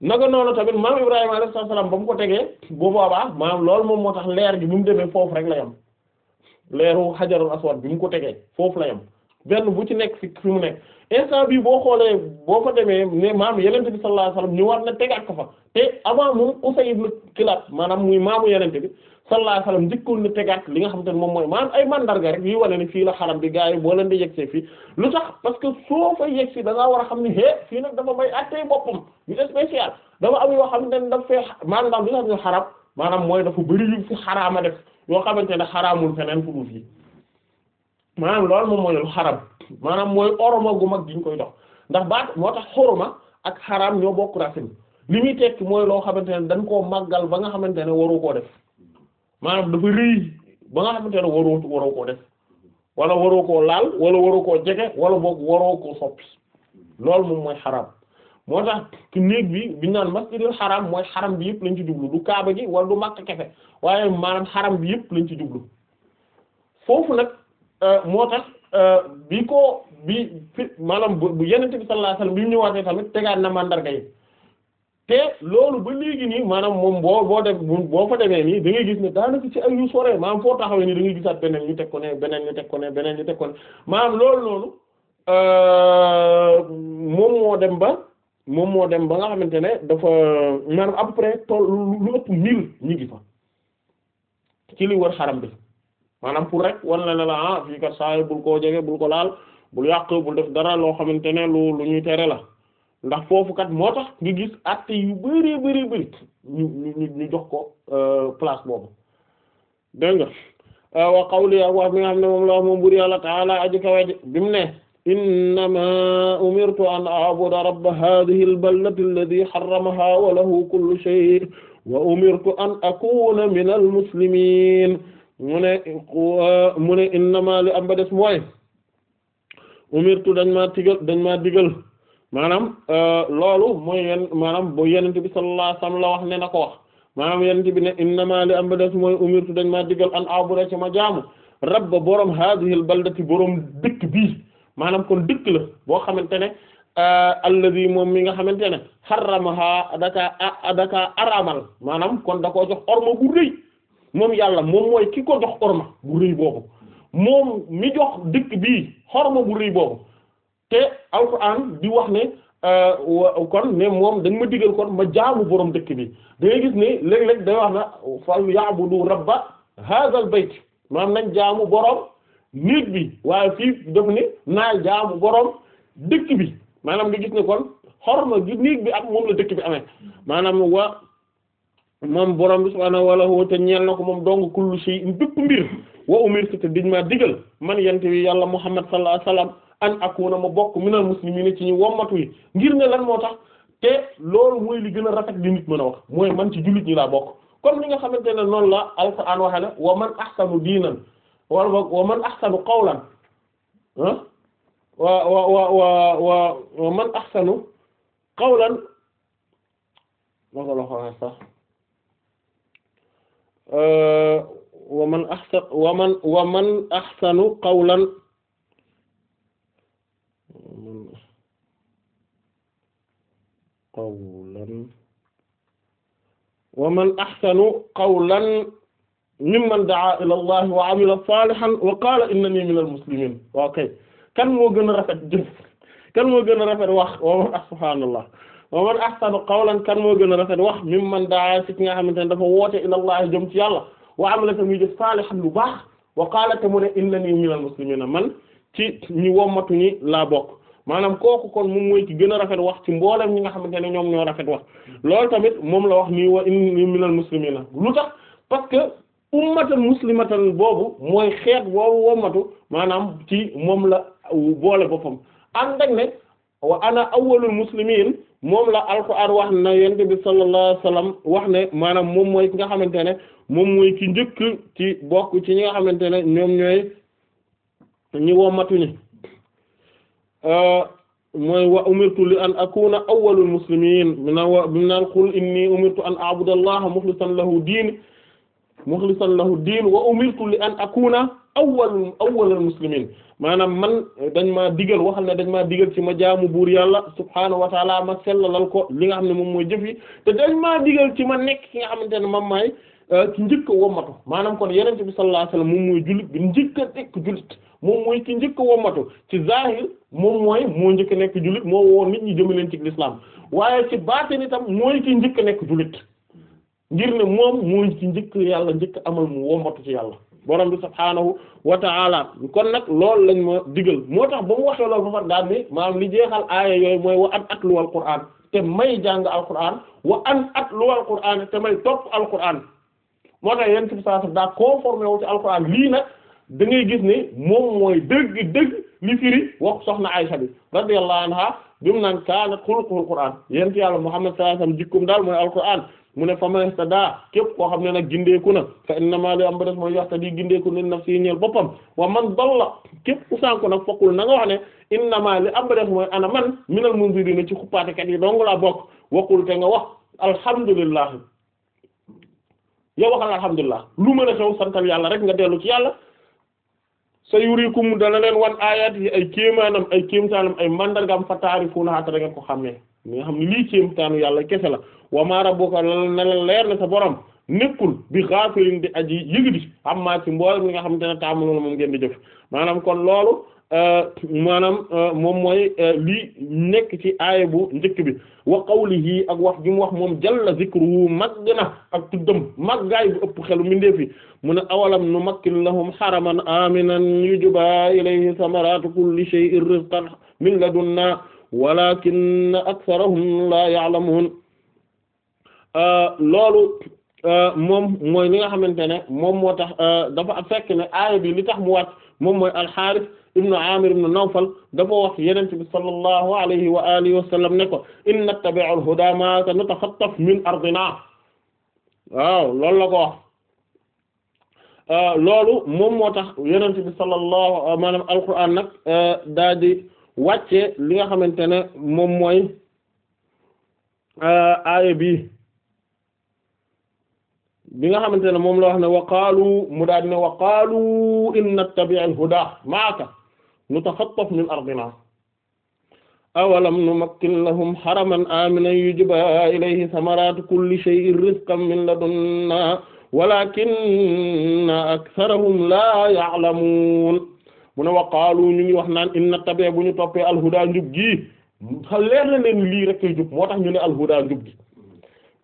Speaker 2: naka noonu tamit maam Ibrahima alayhi salaam ba mu ko tegee bu boobaa maam loolu moom moo tax leer gi bi mu demee foofu rek la yam leeru xajarul aswad bi mu ko tegee foofu la yam benn bu ci nekk fi fi mu nekk instant bii boo xoolee boo fa demee ne maam yonent bi sallallahu alayhi wasallam ñu war na tegaat ko fa te avant moom Usay ibn Kilaab maanaam muy maamu yonent bi sallallahu alayhi wasallam njëkkoon na tegaat li nga xam te ne moom mooy maanaam ay mandarga rek yuy wane ne fii la xaram bi gaa yi boo leen di yegsee fii lu tax parce que soo fa yegsee da ngaa war a xam ne hé fii nag dafa may attey boppam ñu spécial dafa am yoo xam ne daf fee maanaam li nga xam ne maanaam mooy dafa bëri yu fi xaraama def xamante ne xaraamul feneen fu dul maanaam loolu moom mooy lu xaram maanaam mooy oroma gu mag gi ñu koy dox ndax baat moo tax xoroma ak xaraam ñoo bokk racine li muy tekki mooy loo xamante ne dañ koo màggal ba nga xamante ne waru koo def maanaam dafa rëy ba nga xamante ne waroo waroo koo def wala waroo koo laal wala waroo koo jege wala boog waroo ko soppi loolu moom mooy xaraam moo tax néeg bi bi ñu naan masjidul xaraam mooy xaram bi yëpp lañ ci jublu du kaaba gi wala du Makka kefe waaye maanaam xaram bi yëpp lañ ci jublu foofu nag euh, moo tax euh, bi ko bi maanaam bu yenente bi sallallahu alayhi wasallam bi mu ñëwaatee tamit tegaat na mandarga yi te loolu ba léegi nii maanaam moom boo boo def boo fa demee nii da ngay gis ne daanaka ci ay yu sore maanaam foo taxawee nii da ngay gisaat beneen ñu teg ne beneen ñu teg ko ne beneen ñu teg ko ne maanaam loolu noonu euh, moom moo dem ba moom moo dem ba nga xamante ne dafa maanaam à peu près tool lu ëpp mille ñu ngi fa ci li war xaram bi maanaam pour rek wan la ne la ah fii kat saa bul koo jege bul ko laal bul yàq bul def dara loo xamante ne lu lu ñuy tere la. ndax foofu kat moo tax nga gis atte yu bari bari bari euh, place boobu dégg euh, wa qawli ak wax bi ne moom la moom buri yàlla taala aji kawe ji bi an a'buda rabba hadhihi al-ballati alladhi harramaha wa lahu kullu shay wa umirtu an akuna min al-muslimin mu li am ba des mooy digal maanaam euh, loolu mooy yen maanaam bu yenente bi sallallahu alayhi wasallam wax ne ko wax maanaam yenente bi ne innama li am ba des mooy umirtu dañ maa digal an abuda ci ma jaamu rabba borom hadihil baldati borom dëkk bii maanaam kon dëkk la boo xamante ne euh, alladhi moom mi nga xamante ne harramaha daka a maanaam kon da koo jox orma bu moom yàlla moom mooy ki ko jox orma bu rëy boobu moom mi jox dëkk bii xorma bu rëy te alquran di wax ne euh, kon ne moom dañ ma digal kon ma jaamu boroom dëkk bi da ngay gis ne léeg-léeg day wax na fal ya'budu rabba haazal bayt maanaam nañ jaamu borom nit bi waaye fii daf ne naa jaamu borom dëkk bi maanaam nga gis ne kon xorma gi bi ak moom la dëkk bi amee maanaam wa moom borom bi subhaanahu wa ta'aala te ñeel na ko moom dong kullu shay'in bépp mbir wa umirtu te diñ ma digal man yent wi yàlla Muhammad sallallahu salaam an akuna ma bokk minal muslimina ci ñu wommatu yi ngir ne lan moo tax te loolu mooy li gën a rafet li nit mën a wax mooy man ci jullit ñi laa bokk comme li nga xamante ne noonu la alquran waxe ne wa man sax wa man wa man wa man ahsanu qawlan man
Speaker 1: qawlan
Speaker 2: wa man ahsanu qawlan mimman da'a ila Allah wa 'amila salihan wa qala innani minal muslimin waaw kay kan moo gën a rafet jëf kan moo gën a rafet wax wa man ah subhaanallah wa man ahsanu qawlan kan moo gën a rafet wax mimman da'a ci nga xamante ne dafa woote ila Allah jëm ci yàlla wa 'amila tamuy jëf salihan lu baax wa qala te mu ne innani minal muslimin man ci ñi wommatu ñi laa bokk maanaam kooku kon moom mooy ci gën a rafet wax ci mboolem ñi nga xamante ne ñoom ñoo rafet wax loolu tamit moom la wax nii wa inni minal muslimina lu tax parce que ummatan muslimatan boobu mooy xeet boobu wommatu maanaam ci moom la boole boppam ànd ak ne wa ana awwalul muslimin moom la alquran wax na yonent bi sallallahu alayhi wax ne maanaam moom mooy ki nga xamante ne moom mooy ki njëkk ci bokk ci ñi nga xamante ne ñoom ñooy ñi wommatuñu Euh, mooy wa umirtu li an akuna awwalul muslimin mi naan wa mi naan qul inni umirtu an a'budallaha mukhlisan lahu diin mukhlisan lahu diin wa umirtu li an akuna awwalul awwalul muslimin maanaam man dañ maa digal waxal ne dañ maa digal ci ma jaamu buur yàlla subhaanahu wa taala ma sellalal ko li nga xam ne moom mooy jëf yi te dañ maa digal ci ma nekk ki nga xamante ne moom maay ki euh, njëkk a wommatu maanaam kon yenente bi sallallahu alayhi wasallam moom mooy jullit bi njëkk a nekk jullit moom mooy ki njëkk a ci zahir moom mooy moo njëkk nekk jullit moo woo nit ñi jëmaleen ci l'islam waaye ci baatin itam mooy ki njëkk nekk jullit ngir ne moom mooy ki njëkk yàlla njëkk amal mu wommatu ci yàlla borom bi subhaanahu wa ta'ala kon nag loolu lañ ma digal moo tax ba mu waxee loolu ba far daan ni maanaam li jeexal aaya yooyu mooy wa an atluwal qur'aan te may jàng alqur'aan wa an atluwal qur'aan te may moo tax yonent bi sallallahu alayhi wasallam daa conformé wu ci alxuraan lii nag da ngay gis ne moom mooy dëgg dëgg li firi wax soxna Aysa bi radiyallahu anha bi mu naan kaana xuluquhul Qur'aan yonent yàlla Muhammad sallallahu alayhi wasallam jikkoom daal mooy alxuraan mu ne faman ihtada képp koo xam ne nag gindeeku na fa ma li am ba des mooy yahtadi gindeeku li nafsi ñeel boppam wa man dalla képp ku sànku nag fokkul na nga wax ne ma li am ba des mooy ana man minal munzirina ci xuppaatekat yi dong laa bokk waqul te nga wax alhamdulillah yow waxal alhamdulilah lu mën a xew santal yàlla rek nga dellu ci yàlla sa yurikum dana leen wan ayat yi ay kéemaanam ay kéemtaanam ay mandargam fa taarifuuna hatta da ngeen ko xàmmee mi nga xam ne lii kéemtaanu yàlla kese la wa ma rabbuka na la leer ne sa borom nekkul bi xaafilin di aji yëgidi amma ci mboolem li nga xamante ne taamu na moom ngeen di jëf maanaam kon loolu Euh, maanaam euh, moom mooy euh, lii nekk ci aaya bu njëkk bi wa qawlihi ak wax gi mu wax moom jalla zikruhu màgg na ak tuddam màggaay bu ëpp xelu mindee fi mun ne awalam nu makkin lahum xaraman aminan yujuba ilayhi samaratu kulli shay'in rizqan min ladunna walakinna aktharahum la ya'lamun loolu moom mooy li nga xamante ne moom moo tax dafa fekk ne aaya bi li tax mu wàcc moom mooy alxaaris ibnu amir ibnu nawfal dafa wax yenente bi sallallahu alayhi wa alihi wa sallam ne ko in nattabi'u al-huda ma nutakhattaf min ardina waaw loolu la ko wax euh, loolu moom moo tax yenente bi sallallahu maanaam alquran nag euh, daa di wàcce li nga xamante ne moom mooy euh, aaya bi bi nga xamante ne moom la wax ne wa qaalu mu daal ne wa qaalu in nattabi'u al-huda maaka nutaxattaf min ardina awalam numakkin lahum haraman aminan yujba ilayhi samaratu kulli shay'in rizqan min ladunna walakinna aktharahum la ya'lamun mu ne waqaalu ñu ngi wax naan inna tabe bu ñu toppee alhuda njub gi xa leer na leen lii rek koy jub moo tax ñu ne alhuda njub gi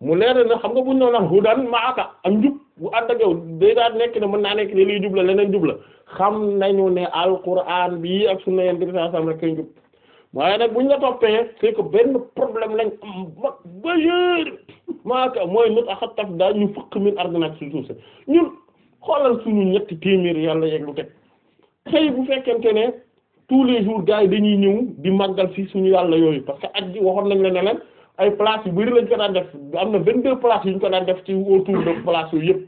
Speaker 2: mu leer na xam nga bu ñu doon wax hudan maaka ak njub bu ànd ak yow day daal nekk na mën naa nekk ne lii jub la leneen jub la xam nañu ne alquran bii bi sallallahu alayhi wasallam rek kay njub waaye nag bu ñu la toppee c'est que problème lañ am mag majeur maaka mooy nut daal ñu fëkk min ardina ci suuf si ñun xoolal yàlla yeeg lu teg xëy bu fekkente ne tous les jours gars yi dañuy ñëw di màggal fii suñu yàlla yooyu parce que ak ji waxoon nañ la ne leen ay places yu bari lañ ko daan def am na benn deux places yu ñu ko daan def ci autour de places yooyu yëpp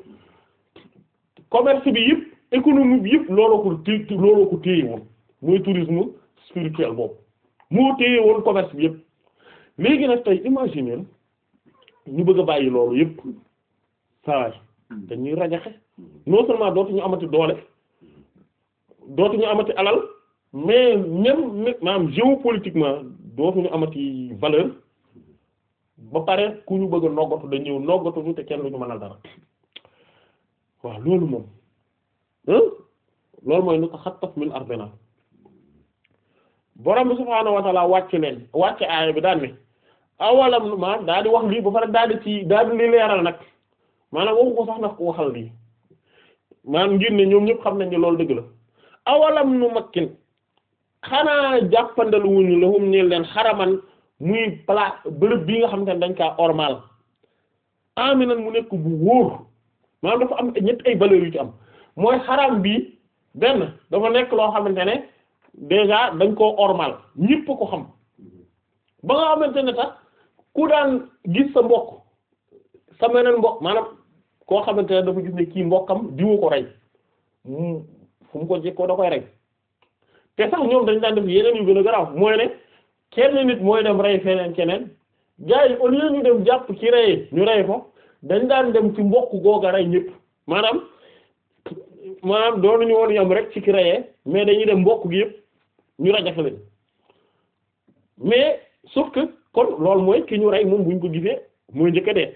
Speaker 2: commerce bi yëpp économie bi yëpp looloo ko té looloo ko téye woon mooy tourisme spirituel boobu moo téye woon commerce bi yëpp léegi nag tey imaginer ñu bëgg a bàyyi loolu yëpp saa dañuy rajaxe non seulement dootuñu amati doole dootuñu amati alal mais même maanaam géopolitiquement dootuñu amati valeur ba pare ku ñu bëgg a noggatu da ñëw noggatu ñu te kenn lu man mënal dara waaw loolu moom loolu mooy nu ko xattaf min ardina borom bi subhaanahu wa ta'ala wàcc leen wàcc aaya bi daan ne awalam maanaam daal di wax lii ba pare daal di ci daal di li leeral nag maanaam waxu ko sax nag waxal lii maanaam ngir ne ñoom ñëpp xam nañ ne loolu dëgg la awalam nu makkin xanaa jàppandalu wuñu lahum ñeel leen xaraman muy place bërëb bi nga xam ne dañ kaa ormal aminan mu nekk bu wóor maanaam dafa am ñett ay valeurs yu ci am mooy xaram bi benn dafa nekk loo xamante ne déjà dañ koo ormal ñépp ko xam ba nga xamante ne tax ku daan gis sa mbokk sa meneen mbokk maanaam koo xamante ne dafa gis ne kii mbokkam diwu ko rey fu mu ko jekkoo da koy rey te sax ñoom dañ daan def yeneen yu gën a garaaw mooy ne kenn nit mooy dem rey feneen keneen gars yi au ñu dem jàpp ci rey ñu rey ko dañ daan dem ci mbokk googa rey ñëpp maanaam maanaam doonu ñu woon yam rek ci ki reyee mais dañuy dem mbokk gi yëpp ñu rajax leen mais sauf que kon loolu mooy ki ñu rey moom bu ñu ko gisee mooy njëkk a dee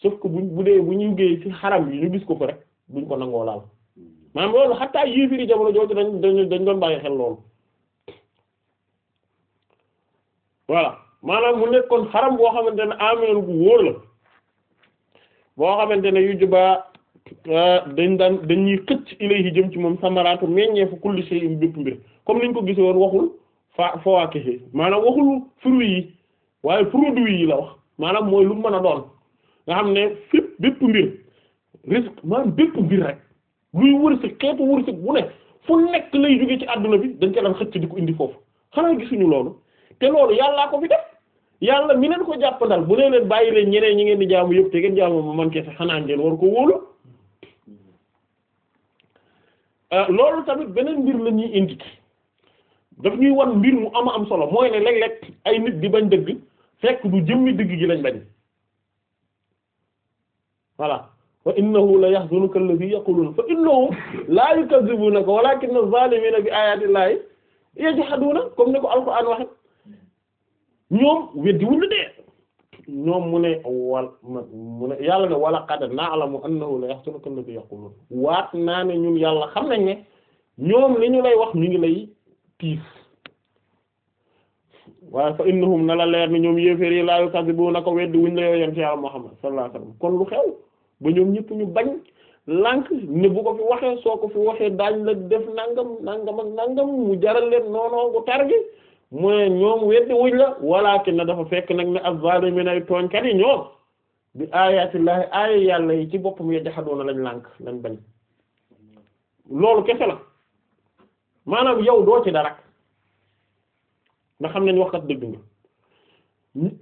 Speaker 2: sauf que bu dee bu ñu yugee ci xaram yi ñu gis ko ko rek duñ ko nangoo laal hmm. maanaam loolu xattaa yéefiri jamono jooju dañ dañ dañ doon bàyyi xel loolu voilà maanaam mu nekkoon xaram boo xamante ne aminan bu wóor la boo xamante ne yu jubaa euh, dañ daan dañuy xëcc ilayhi jëm ci moom samaraatu meññeefu kulli shay'in bépp mbir comme niñ ko gise woon waxul maanaam waxul fruits waaye produits yi maanaam mooy lu mën a doon nga xam ne fépp bépp mbir risque maanaam bépp mbir rek luy wërsëg xeetu wërsëg bu ne fu nekk lay jóge ci àdduna bi dañ ko daan xëcc di ko indi foofu xanaa gisuñu loolu te loolu yàllaa ko fi def yàlla mi leen ko jàppandal bu leen leen bàyyi leen ñeneen ñi ngeen di jaamu yëpp te ngeen jaamu ma man kese xanaa ngeen war ko wóolu euh, loolu tamit beneen mbir la ñuy indi daf ñuy wan mbir mu ama am solo mooy ne léeg-léeg ay nit di bañ dëgg fekk du jëmmi dëgg gi lañ bañ voilà wa innahu la yahzunuka alladhi yaqulun fa innahum la yukazibunaka walakinna adh-dhalimina bi ayati llahi yajhaduna comme ni ko alquran waxe ñoom weddi wuñu dee ñoom mu ne wal mu ne yàlla ne naa qad na'lamu annahu la yahzunuka alladhi yaqulun waat naa ne ñun yàlla xam nañ ne ñoom li ñu lay wax ñu ngi lay tiis waaye fa innahum na la leer ni ñoom yéeféer yi laa yukazibuna ko weddi wuñ la yoo yent yàlla Muhammad sallallahu alayhi wasallam kon lu xew ba ñoom ñëpp ñu bañ lànk ne bu ko fi waxee soo ko fi waxee daal la def nangam nangam ak nangam mu jaral leen noonoo gu tar mu ne ñoom weddi wuñ la walaakin na dafa fekk nag ne az-zaalimiina ay tooñkat yi ñoom bi aayaatillaahi aaya yàlla yi ci boppam yajhaduuna lañ lànk lañ bañ loolu kese la maanaam yow doo ci dara nga xam nañ waxkat dëgg nga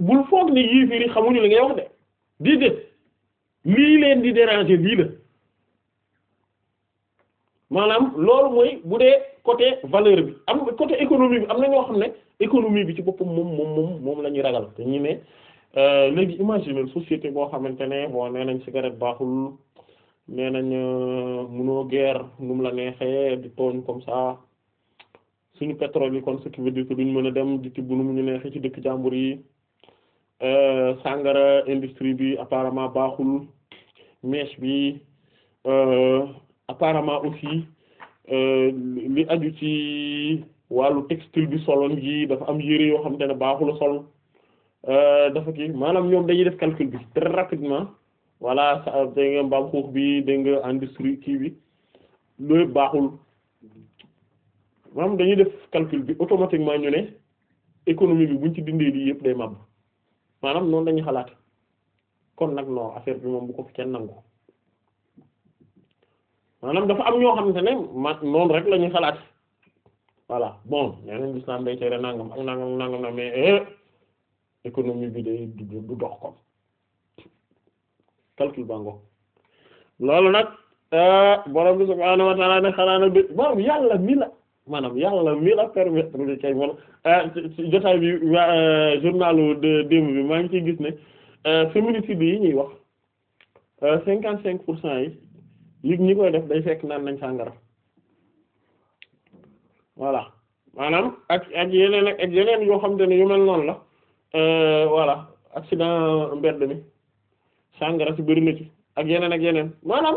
Speaker 2: bul foog ni yii fiiri xamuñu li ngay wax de di de lii leen di déranger lii la maanaam loolu mooy bu dee côté valeur bi am côté économie bi am na ñoo xam ne économie bi ci boppam moom moom moom moom la ñuy ragal te ñu ne euh, léegi imaginer société boo xamante ne bon nee nañ cigarette baaxul nee nañ euh, mënoo guerre nu la neexee di tooñ comme ça suñu pétrole yi kon ce qui veut dire que duñ mën a dem di tibb nu mu ñu neexee ci dëkk jàmbur yi euh, sangara industrie bi apparemment baaxul mèche bi. apparemment aussi euh, li aju ci wàllu textile bi solon ji dafa am yére yoo xam xamante ne baaxul sol euh, dafa kii maanaam ñoom dañuy def calcul bi très rapidement voilà sa dégg nga bi dégg nga industrie kii bi loolu baaxul maanaam dañuy def calcul bi automatiquement ñu ne économie bi buñ ci dindee lii yëpp day màbb maanaam noonu dañuy xalaat kon nag non affaire bi moom bu ko fi kenn nangu maanaam dafa am ñoo xamante ne ma noonu rek la xalaat voilà bon nee nañ lislaam day tere nangam nangam nangam na mais eh, économie bi day du dox kon calcul bango loolu nag eh, borom bi subhaanahu wa ta'ala ne xanaa na dé yàlla mi maanaam yàlla mi la permettre di kay wala jotaay bi eh, journalu démb bi maa ngi ciy gis ne féminicide yi ñuy wax cinquante cinq pour cent yi li ñi koy def day fekk naan nañ sàngara voilà maanaam ak ak yeneen ak yeneen yoo xam te ne yu mel noonu la euh, voilà accident mbedd mi sàngara ci bëri na ci ak yeneen ak yeneen maanaam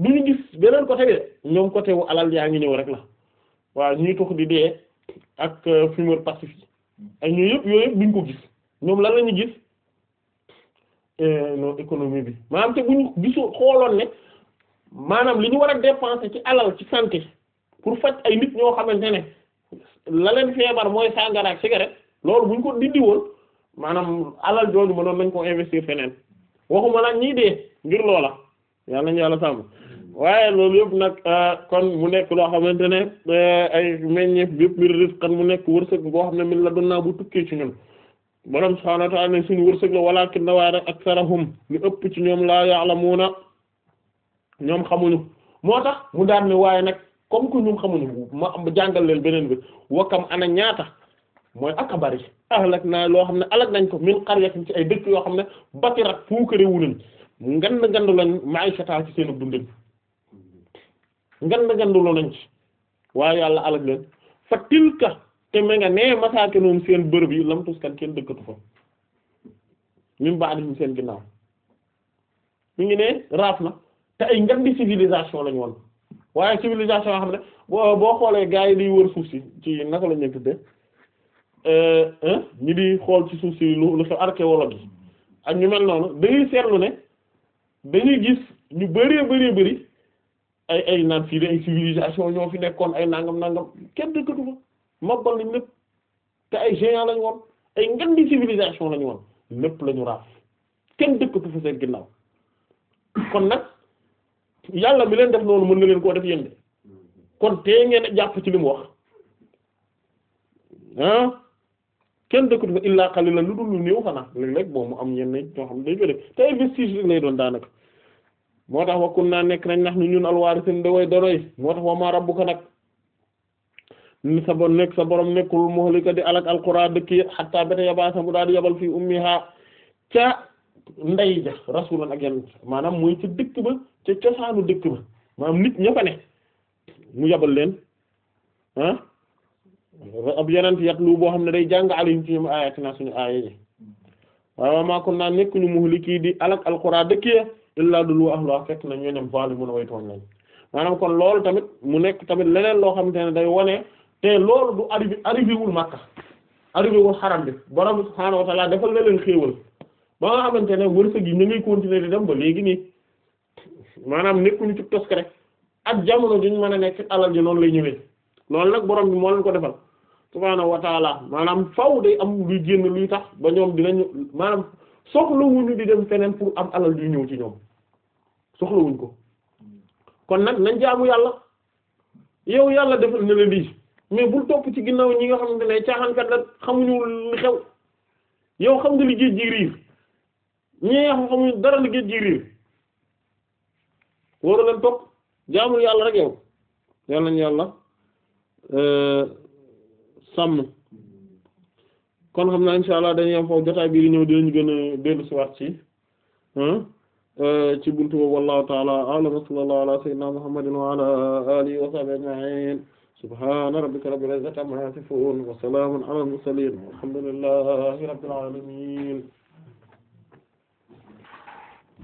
Speaker 2: du ñu gis beneen côté bi ñoom côté wu alal yaa ngi ñëw rek la waaw ñuy tux di dee ak euh, fumeur passif ak ñooyu yëpp yooyu yëpp duñ ko gis ñoom lan la ñu gis euh, non économie bi maanaam te bu ñu gisu xooloon ne maanaam li ñu war a dépenser ci alal ci santé pour faj ay nit ñoo xamante ne la leen feebar mooy sàngara ak cigarette loolu bu ñu ko dindi woon maanaam alal jooju mënoon nañ ko investir feneen waxuma nag ñii dee ngir loola yàlla nañu yàlla sàmm waaye loolu yëpp nag ah, kon mu nekk loo xamante ne eh, ay meññeef yëpp mbir risqan mu nekk wërsëg boo xam ne min la doon naa tukkee ci ñun borom subhaanahu wa ta'aala suñu wërsëg la walaakinna waaye ak sarahum li ëpp ci ñoom laa ya'lamuuna ñoom xamuñu moo tax mu daan ne waaye nag comme que ñoom xamuñu ma jàngal leen beneen bi wakam ana ñaata mooy akabari ahlak naa loo xam ne alak nañ ko min qaryatin ci ay dëkk yoo xam ne batirat fuukare wunañ ngan ngandu lañ ma'ishata ci seen ak dundin ngan nganduloo nañ ci waaye yàlla alag leen fa tilka te ma nga nee masaake noonu seen bërëb yi lam tuskan kenn dëkkatu fa min ba'dihim seen ginnaaw mu ngi ne raaf na te ay ngandi civilisation lañu woon waaye civilisation yoo xam ne boo boo xoolee gars yi liy wër suuf si ci naka la ñu tudde euh, ñi di xool ci suuf si lu lu xew yi ak ñu mel noonu dañuy seetlu ne dañuy gis ñu bëree bëree bëri ay ay naan fii de ay civilisation ñoo fi nekkoon ay nangam nangam kenn dëkkatu fa mabbal nañ lépp te ay géant lañu woon ay ngandi civilisation lañu woon lépp lañu raaf kenn dëkkatu fa seen ginnaaw kon nag yàlla mi leen def noonu mën na leen koo def yéen de kon tee ngeen jàpp ci li mu wax ah kenn dëkkatu fa illaa qalilan lu dul lu néew xanaa léeg-léeg boo mu am ñenn ñoo xam day bëri ay doon daanaka moo tax wakkun naa nekk nañ ndax nu ñun alwaarisin da way doroy moo tax wa maa rabbuka nag ni sa bon nekk sa borom nekkul muhlika di alak alqura xatta bete yabaasa mu daal di yabal fii ummiha ca ndey ja rasulan ak maanaam mooy ca dëkk ba ca cosaanu dëkk ba maanaam nit ña mu yabal leen ah ab yeneen yatlu boo xam ne day jàng alayhim ci ñoom na suñu aaya ji waaw maa kon naa nekk ñu muhliki di alak alqura dëkk ya illaa dul lu ahluha fekk na ñooñam zalimun way tooñ lañ maanaam kon lool tamit mu nekk tamit leneen loo xamante ne day wone te lool du arrivé arrivé wul Makka arrivé wul bi borom subhaanahu wa ta'ala defal na leen xéewal ba nga xamante ne wërsëg yi ñu ngi continuer di dem ba léegi nii maanaam nekkuñu ci tos rek ak jamono duñ mën a nekk alal ji noonu lay ñëwee loolu nag borom bi moo leen ko defal subhaanahu wa taala maanaam faw day am luy génn luy tax ba ñoom dinañu maanaam soxlawuñu di dem feneen pour am alal di ñëw ci ñoom soxlawuñ ko kon nag nañ jaamu yàlla yow yàlla defal na la lii mais bul topp ci ginnaaw ñi nga xamante ne caaxaankat la xamuñu li xew yow xam nga li géej ñi nga xam xamuñ dara la géej gi riir waru jaamul yàlla rek yow yàlla nañu yàlla euh, sàmm kon xam naa insha allah dañuy am foofu jotaay bii di ñëw dinañu gën a dellu euh, ci buntu boobu wallahu ta'ala a'lam sallallahu ala muhammadin wa ala alihi wa sahbihi ajma'in subhana rabbika rabbil izzati amma yasifun wa salamun ala al mursalin walhamdulillahi rabbil alamin